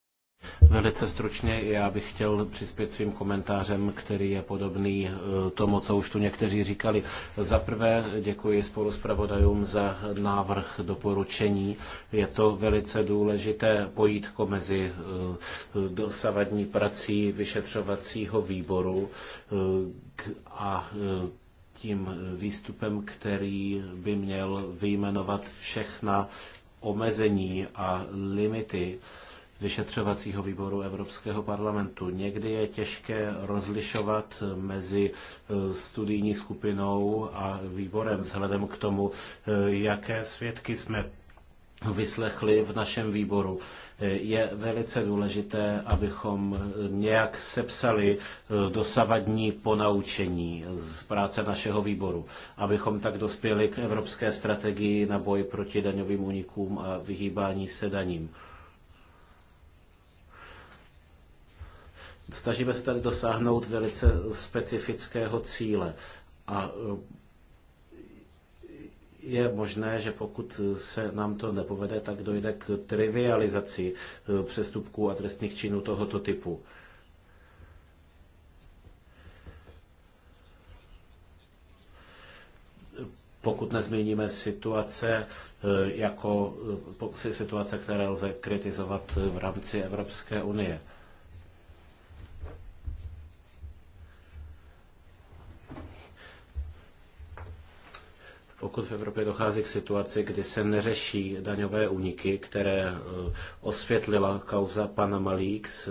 Velice stručně já bych chtěl přispět svým komentářem, který je podobný eh, tomu, co už tu někteří říkali. Za prvé děkuji spoluspravodajům za návrh doporučení. Je to velice důležité pojítko mezi eh, dosavadní prací vyšetřovacího výboru eh, a tím výstupem, který by měl vyjmenovat všechna omezení a limity, vyšetřovacího výboru Evropského parlamentu. Někdy je těžké rozlišovat mezi eh, studijní skupinou a výborem vzhledem k tomu, eh, jaké svědky jsme vyslechli v našem výboru. Eh, je velice důležité, abychom nějak sepsali dosavadní ponaučení z práce našeho výboru, abychom tak dospěli k evropské strategii na boj proti daňovým únikům a vyhýbání se daním. Snažíme se tady dosáhnout velice specifického cíle. A e, je možné, že pokud se nám to nepovede, tak dojde k trivializaci e, přestupků a trestných činů tohoto typu. pokud nezměníme situace, e, jako situace, které lze kritizovat v rámci Evropské unie. pokud v Evropě dochází k situaci, kdy se neřeší daňové úniky, které e, osvětlila kauza Panama Leaks,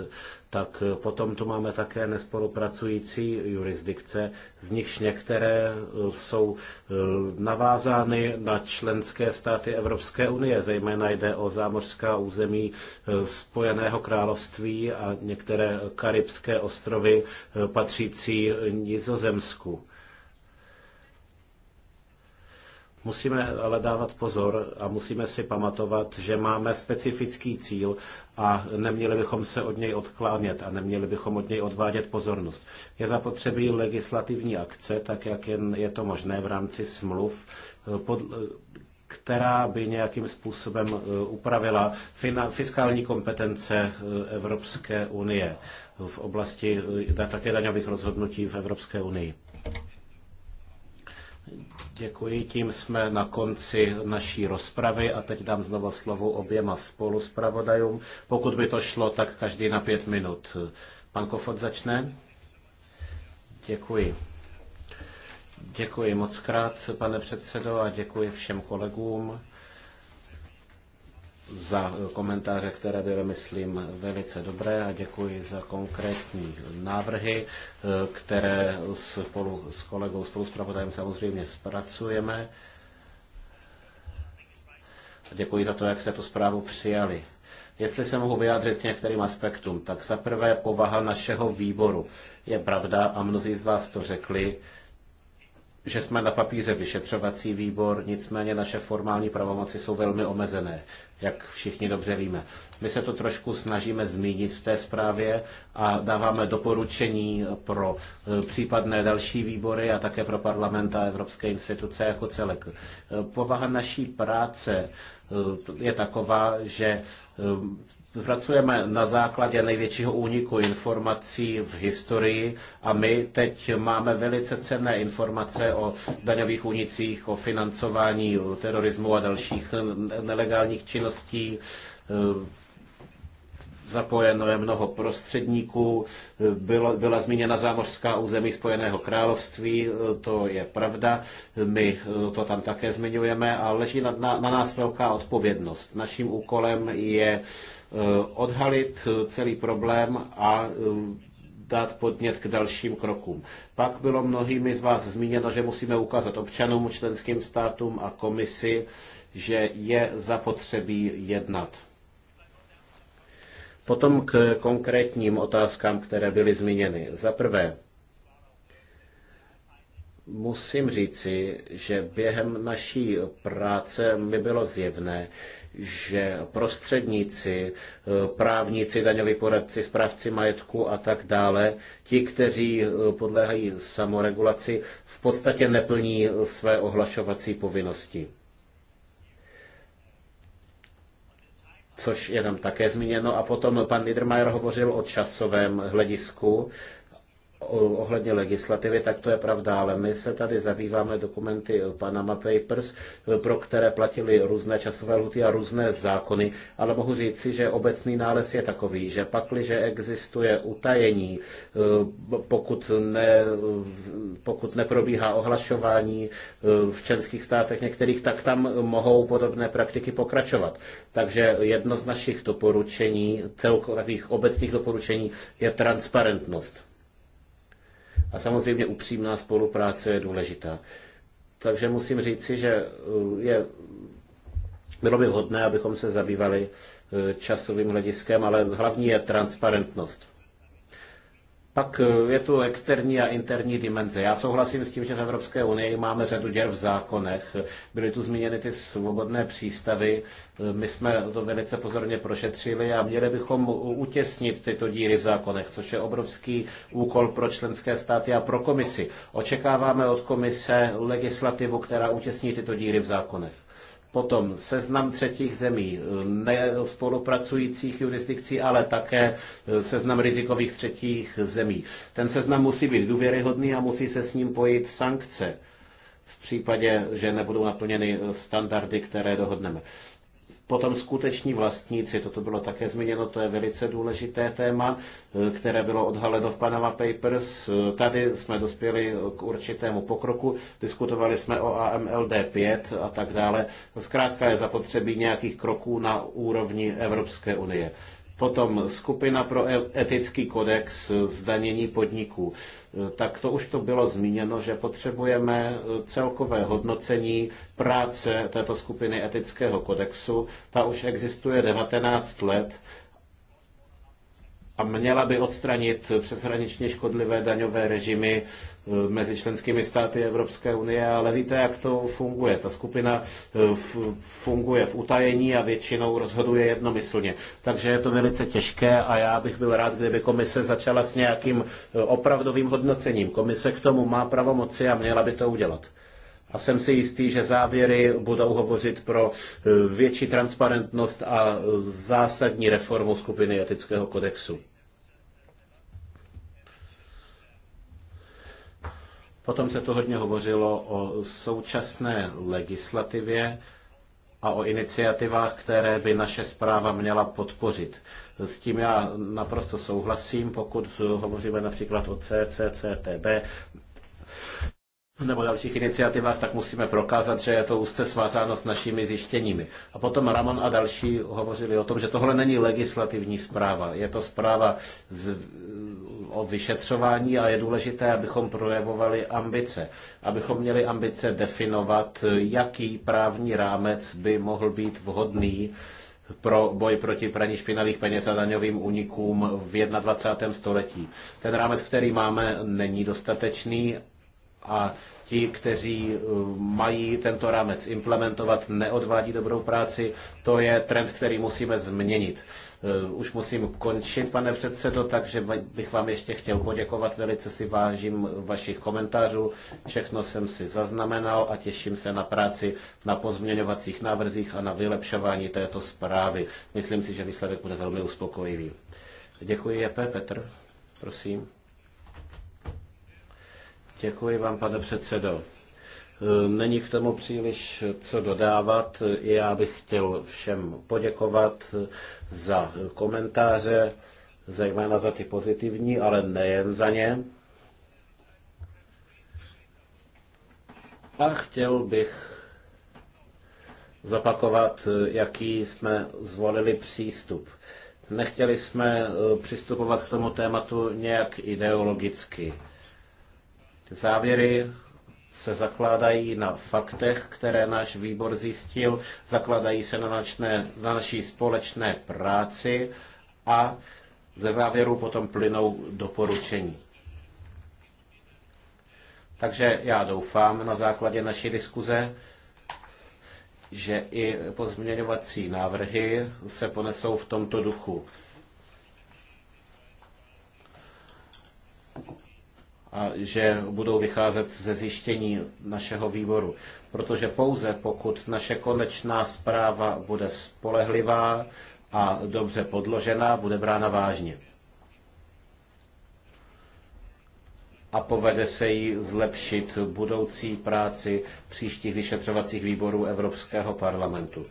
tak e, potom tu máme také nespolupracující jurisdikce, z nichž některé e, jsou navázány na členské státy Evropské unie, zejména jde o zámořská území Spojeného království a některé karibské ostrovy patřící Nizozemsku. Musíme ale dávat pozor a musíme si pamatovat, že máme specifický cíl a neměli bychom se od něj odklánět a neměli bychom od něj odvádět pozornost. Je zapotřebí legislativní akce, tak jak jen je to možné v rámci smluv, pod, která by nějakým způsobem eh, upravila fiskální kompetence eh, Evropské unie v oblasti eh, také daňových rozhodnutí v Evropské unii. Děkuji, tím jsme na konci naší rozpravy a teď dám znovu slovo oběma spoluspravodajům. Pokud by to šlo, tak každý na pět minut. Pan Kofot začne. Děkuji. Děkuji moc krát, pane předsedo, a děkuji všem kolegům za komentáře, které byly, myslím, velice dobré a děkuji za konkrétní návrhy, eh, které spolu s kolegou, spolu s pravodajem samozřejmě zpracujeme. Děkuji za to, jak jste tu zprávu přijali. Jestli se mohu vyjádřit k některým aspektům, tak za prvé povaha našeho výboru. Je pravda, a mnozí z vás to řekli, že jsme na papíře vyšetřovací výbor, nicméně naše formální pravomoci jsou velmi omezené jak všichni dobře víme. My se to trošku snažíme zmínit v té zprávě a dáváme doporučení pro e, případné další výbory a také pro parlament a evropské instituce jako celek. E, povaha naší práce e, je taková, že Pracujeme na základě největšího úniku informací v historii a my teď máme velice cenné informace o daňových únicích, o financování terorismu a dalších nelegálních činností zapojeno je mnoho prostředníků, bylo, byla zmíněna zámořská území Spojeného království, to je pravda, my eh, to tam také zmiňujeme a leží na, na, na nás velká odpovědnost. Naším úkolem je eh, odhalit eh, celý problém a dát podnět k dalším krokům. Pak bylo mnohými z vás zmíněno, že musíme ukázat občanům, členským státům a komisi, že je zapotřebí jednat. Potom k konkrétním otázkám, které byly zmíněny. Za prvé, musím říci, že během naší práce mi bylo zjevné, že prostředníci, právníci, daňoví poradci, správci majetku a tak dále, ti, kteří podléhají samoregulaci, v podstatě neplní své ohlašovací povinnosti. což je tam také zmíněno. A potom pan Niedermayer hovořil o časovém hledisku ohledně legislativy, tak to je pravda, ale my se tady zabýváme dokumenty Panama Papers, pro které platily různé časové lhuty a různé zákony, ale mohu říci, že obecný nález je takový, že pakliže existuje utajení, eh, pokud, ne, pokud neprobíhá ohlašování eh, v členských státech některých, tak tam mohou podobné praktiky pokračovat. Takže jedno z našich doporučení, celko, takových obecných doporučení je transparentnost. A samozřejmě upřímná spolupráce je důležitá. Takže musím říci, že uh, je, bylo by vhodné, abychom se zabývali uh, časovým hlediskem, ale hlavní je transparentnost. Pak eh, je tu externí a interní dimenze. Já souhlasím s tím, že v Evropské unii máme řadu děr v zákonech. Byly tu zmíněny ty svobodné přístavy. Eh, my jsme to velice pozorně prošetřili a měli bychom utěsnit tyto díry v zákonech, což je obrovský úkol pro členské státy a pro komisi. Očekáváme od komise legislativu, která utěsní tyto díry v zákonech. Potom seznam třetích zemí, ne spolupracujících jurisdikcí, ale také eh, seznam rizikových třetích zemí. Ten seznam musí být důvěryhodný a musí se s ním pojít sankce v případě, že nebudou naplněny standardy, které dohodneme. Potom skuteční vlastníci, toto bylo také zmíněno, to je velice důležité téma, eh, které bylo odhaleno v Panama Papers. Eh, tady jsme dospěli k určitému pokroku, diskutovali jsme o AMLD 5 a tak dále. Zkrátka je zapotřebí nějakých kroků na úrovni Evropské unie. Potom skupina pro e- etický kodex zdanění podniků. Tak to už to bylo zmíněno, že potřebujeme celkové hodnocení práce této skupiny etického kodexu. Ta už existuje 19 let a měla by odstranit přeshraničně škodlivé daňové režimy eh, mezi členskými státy Evropské unie, ale víte, jak to funguje. Ta skupina eh, funguje v utajení a většinou rozhoduje jednomyslně. Takže je to velice těžké a já bych byl rád, kdyby komise začala s nějakým eh, opravdovým hodnocením. Komise k tomu má pravomoci a měla by to udělat. A jsem si jistý, že závěry budou hovořit pro e, větší transparentnost a zásadní reformu skupiny etického kodexu. Potom se to hodně hovořilo o současné legislativě a o iniciativách, které by naše zpráva měla podpořit. S tím já naprosto souhlasím, pokud hovoříme například o CCCTB, nebo dalších iniciativách, tak musíme prokázat, že je to úzce svázáno s našimi zjištěními. A potom Ramon a další hovořili o tom, že tohle není legislativní zpráva, je to zpráva z, o vyšetřování a je důležité, abychom projevovali ambice, abychom měli ambice definovat, jaký právní rámec by mohl být vhodný pro boj proti praní špinavých peněz a daňovým únikům v 21. století. Ten rámec, který máme, není dostatečný a ti, kteří eh, mají tento rámec implementovat, neodvádí dobrou práci. To je trend, který musíme změnit. Eh, už musím končit, pane předsedo, takže bych vám ještě chtěl poděkovat. Velice si vážím vašich komentářů. Všechno jsem si zaznamenal a těším se na práci na pozměňovacích návrzích a na vylepšování této zprávy. Myslím si, že výsledek bude velmi uspokojivý. Děkuji, Jepe, Petr. Prosím. Děkuji vám, pane předsedo. E, není k tomu příliš co dodávat. Já bych chtěl všem poděkovat za komentáře, zejména za ty pozitivní, ale nejen za ně. A chtěl bych zopakovat, jaký jsme zvolili přístup. Nechtěli jsme e, přistupovat k tomu tématu nějak ideologicky. Závěry se zakládají na faktech, které náš výbor zjistil, zakládají se na, načné, na naší společné práci a ze závěru potom plynou doporučení. Takže já doufám na základě naší diskuze, že i pozměňovací návrhy se ponesou v tomto duchu. a že budou vycházet ze zjištění našeho výboru. Protože pouze pokud naše konečná zpráva bude spolehlivá a dobře podložená, bude brána vážně. a povede se jí zlepšit budoucí práci příštích vyšetřovacích výborů Evropského parlamentu.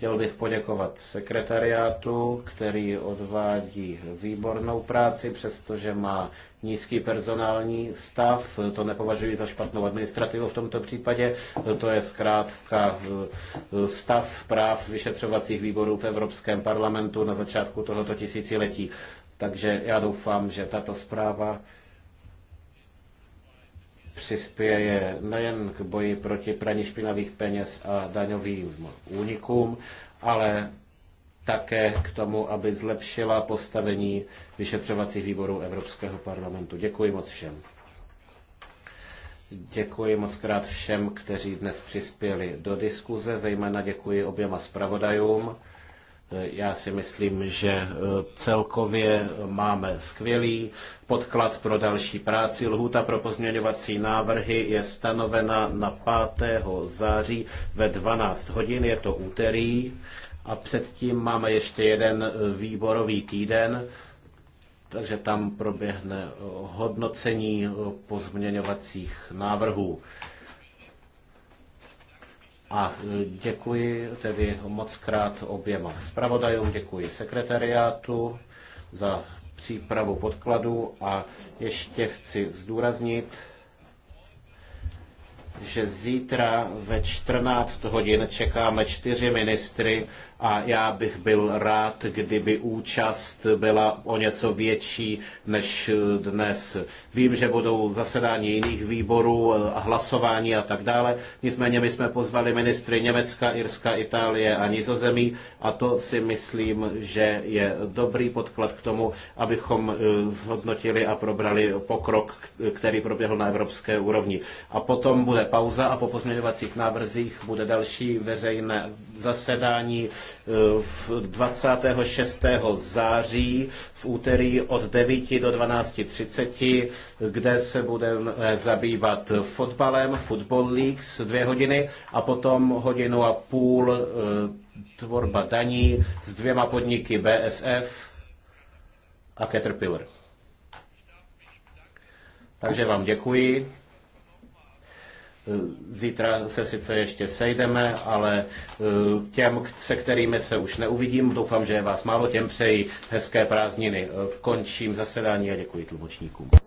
Chtěl bych poděkovat sekretariátu, který odvádí výbornou práci, přestože má nízký personální stav. To nepovažuji za špatnou administrativu v tomto případě. To je zkrátka eh, stav práv vyšetřovacích výborů v Evropském parlamentu na začátku tohoto tisíciletí. Takže já doufám, že tato zpráva přispěje nejen k boji proti praní špinavých peněz a daňovým únikům, ale také k tomu, aby zlepšila postavení vyšetřovacích výborů Evropského parlamentu. Děkuji moc všem. Děkuji moc krát všem, kteří dnes přispěli do diskuze, zejména děkuji oběma zpravodajům. Já si myslím, že eh, celkově máme skvělý podklad pro další práci. Lhůta pro pozměňovací návrhy je stanovena na 5. září ve 12 hodin, je to úterý. A předtím máme ještě jeden eh, výborový týden, takže tam proběhne eh, hodnocení pozměňovacích návrhů. A e, děkuji tedy moc krát oběma zpravodajům, děkuji sekretariátu za přípravu podkladů a ještě chci zdůraznit, že zítra ve 14 hodin čekáme čtyři ministry a já bych byl rád, kdyby účast byla o něco větší než dnes. Vím, že budou zasedání jiných výborů a hlasování a tak dále, nicméně my jsme pozvali ministry Německa, Irska, Itálie a Nizozemí a to si myslím, že je dobrý podklad k tomu, abychom eh, zhodnotili a probrali pokrok, který proběhl na evropské úrovni. A potom bude pauza a po pozměňovacích návrzích bude další veřejné zasedání Eh, v 26. září v úterý od 9 do 12.30, kde se budeme zabývat fotbalem, Football Leagues dvě hodiny a potom hodinu a půl eh, tvorba daní s dvěma podniky BSF a Caterpillar. Takže vám děkuji. Zítra se sice ještě sejdeme, ale e, těm, se kterými se už neuvidím, doufám, že je vás málo, těm přeji hezké prázdniny. E, končím zasedání a děkuji tlumočníkům.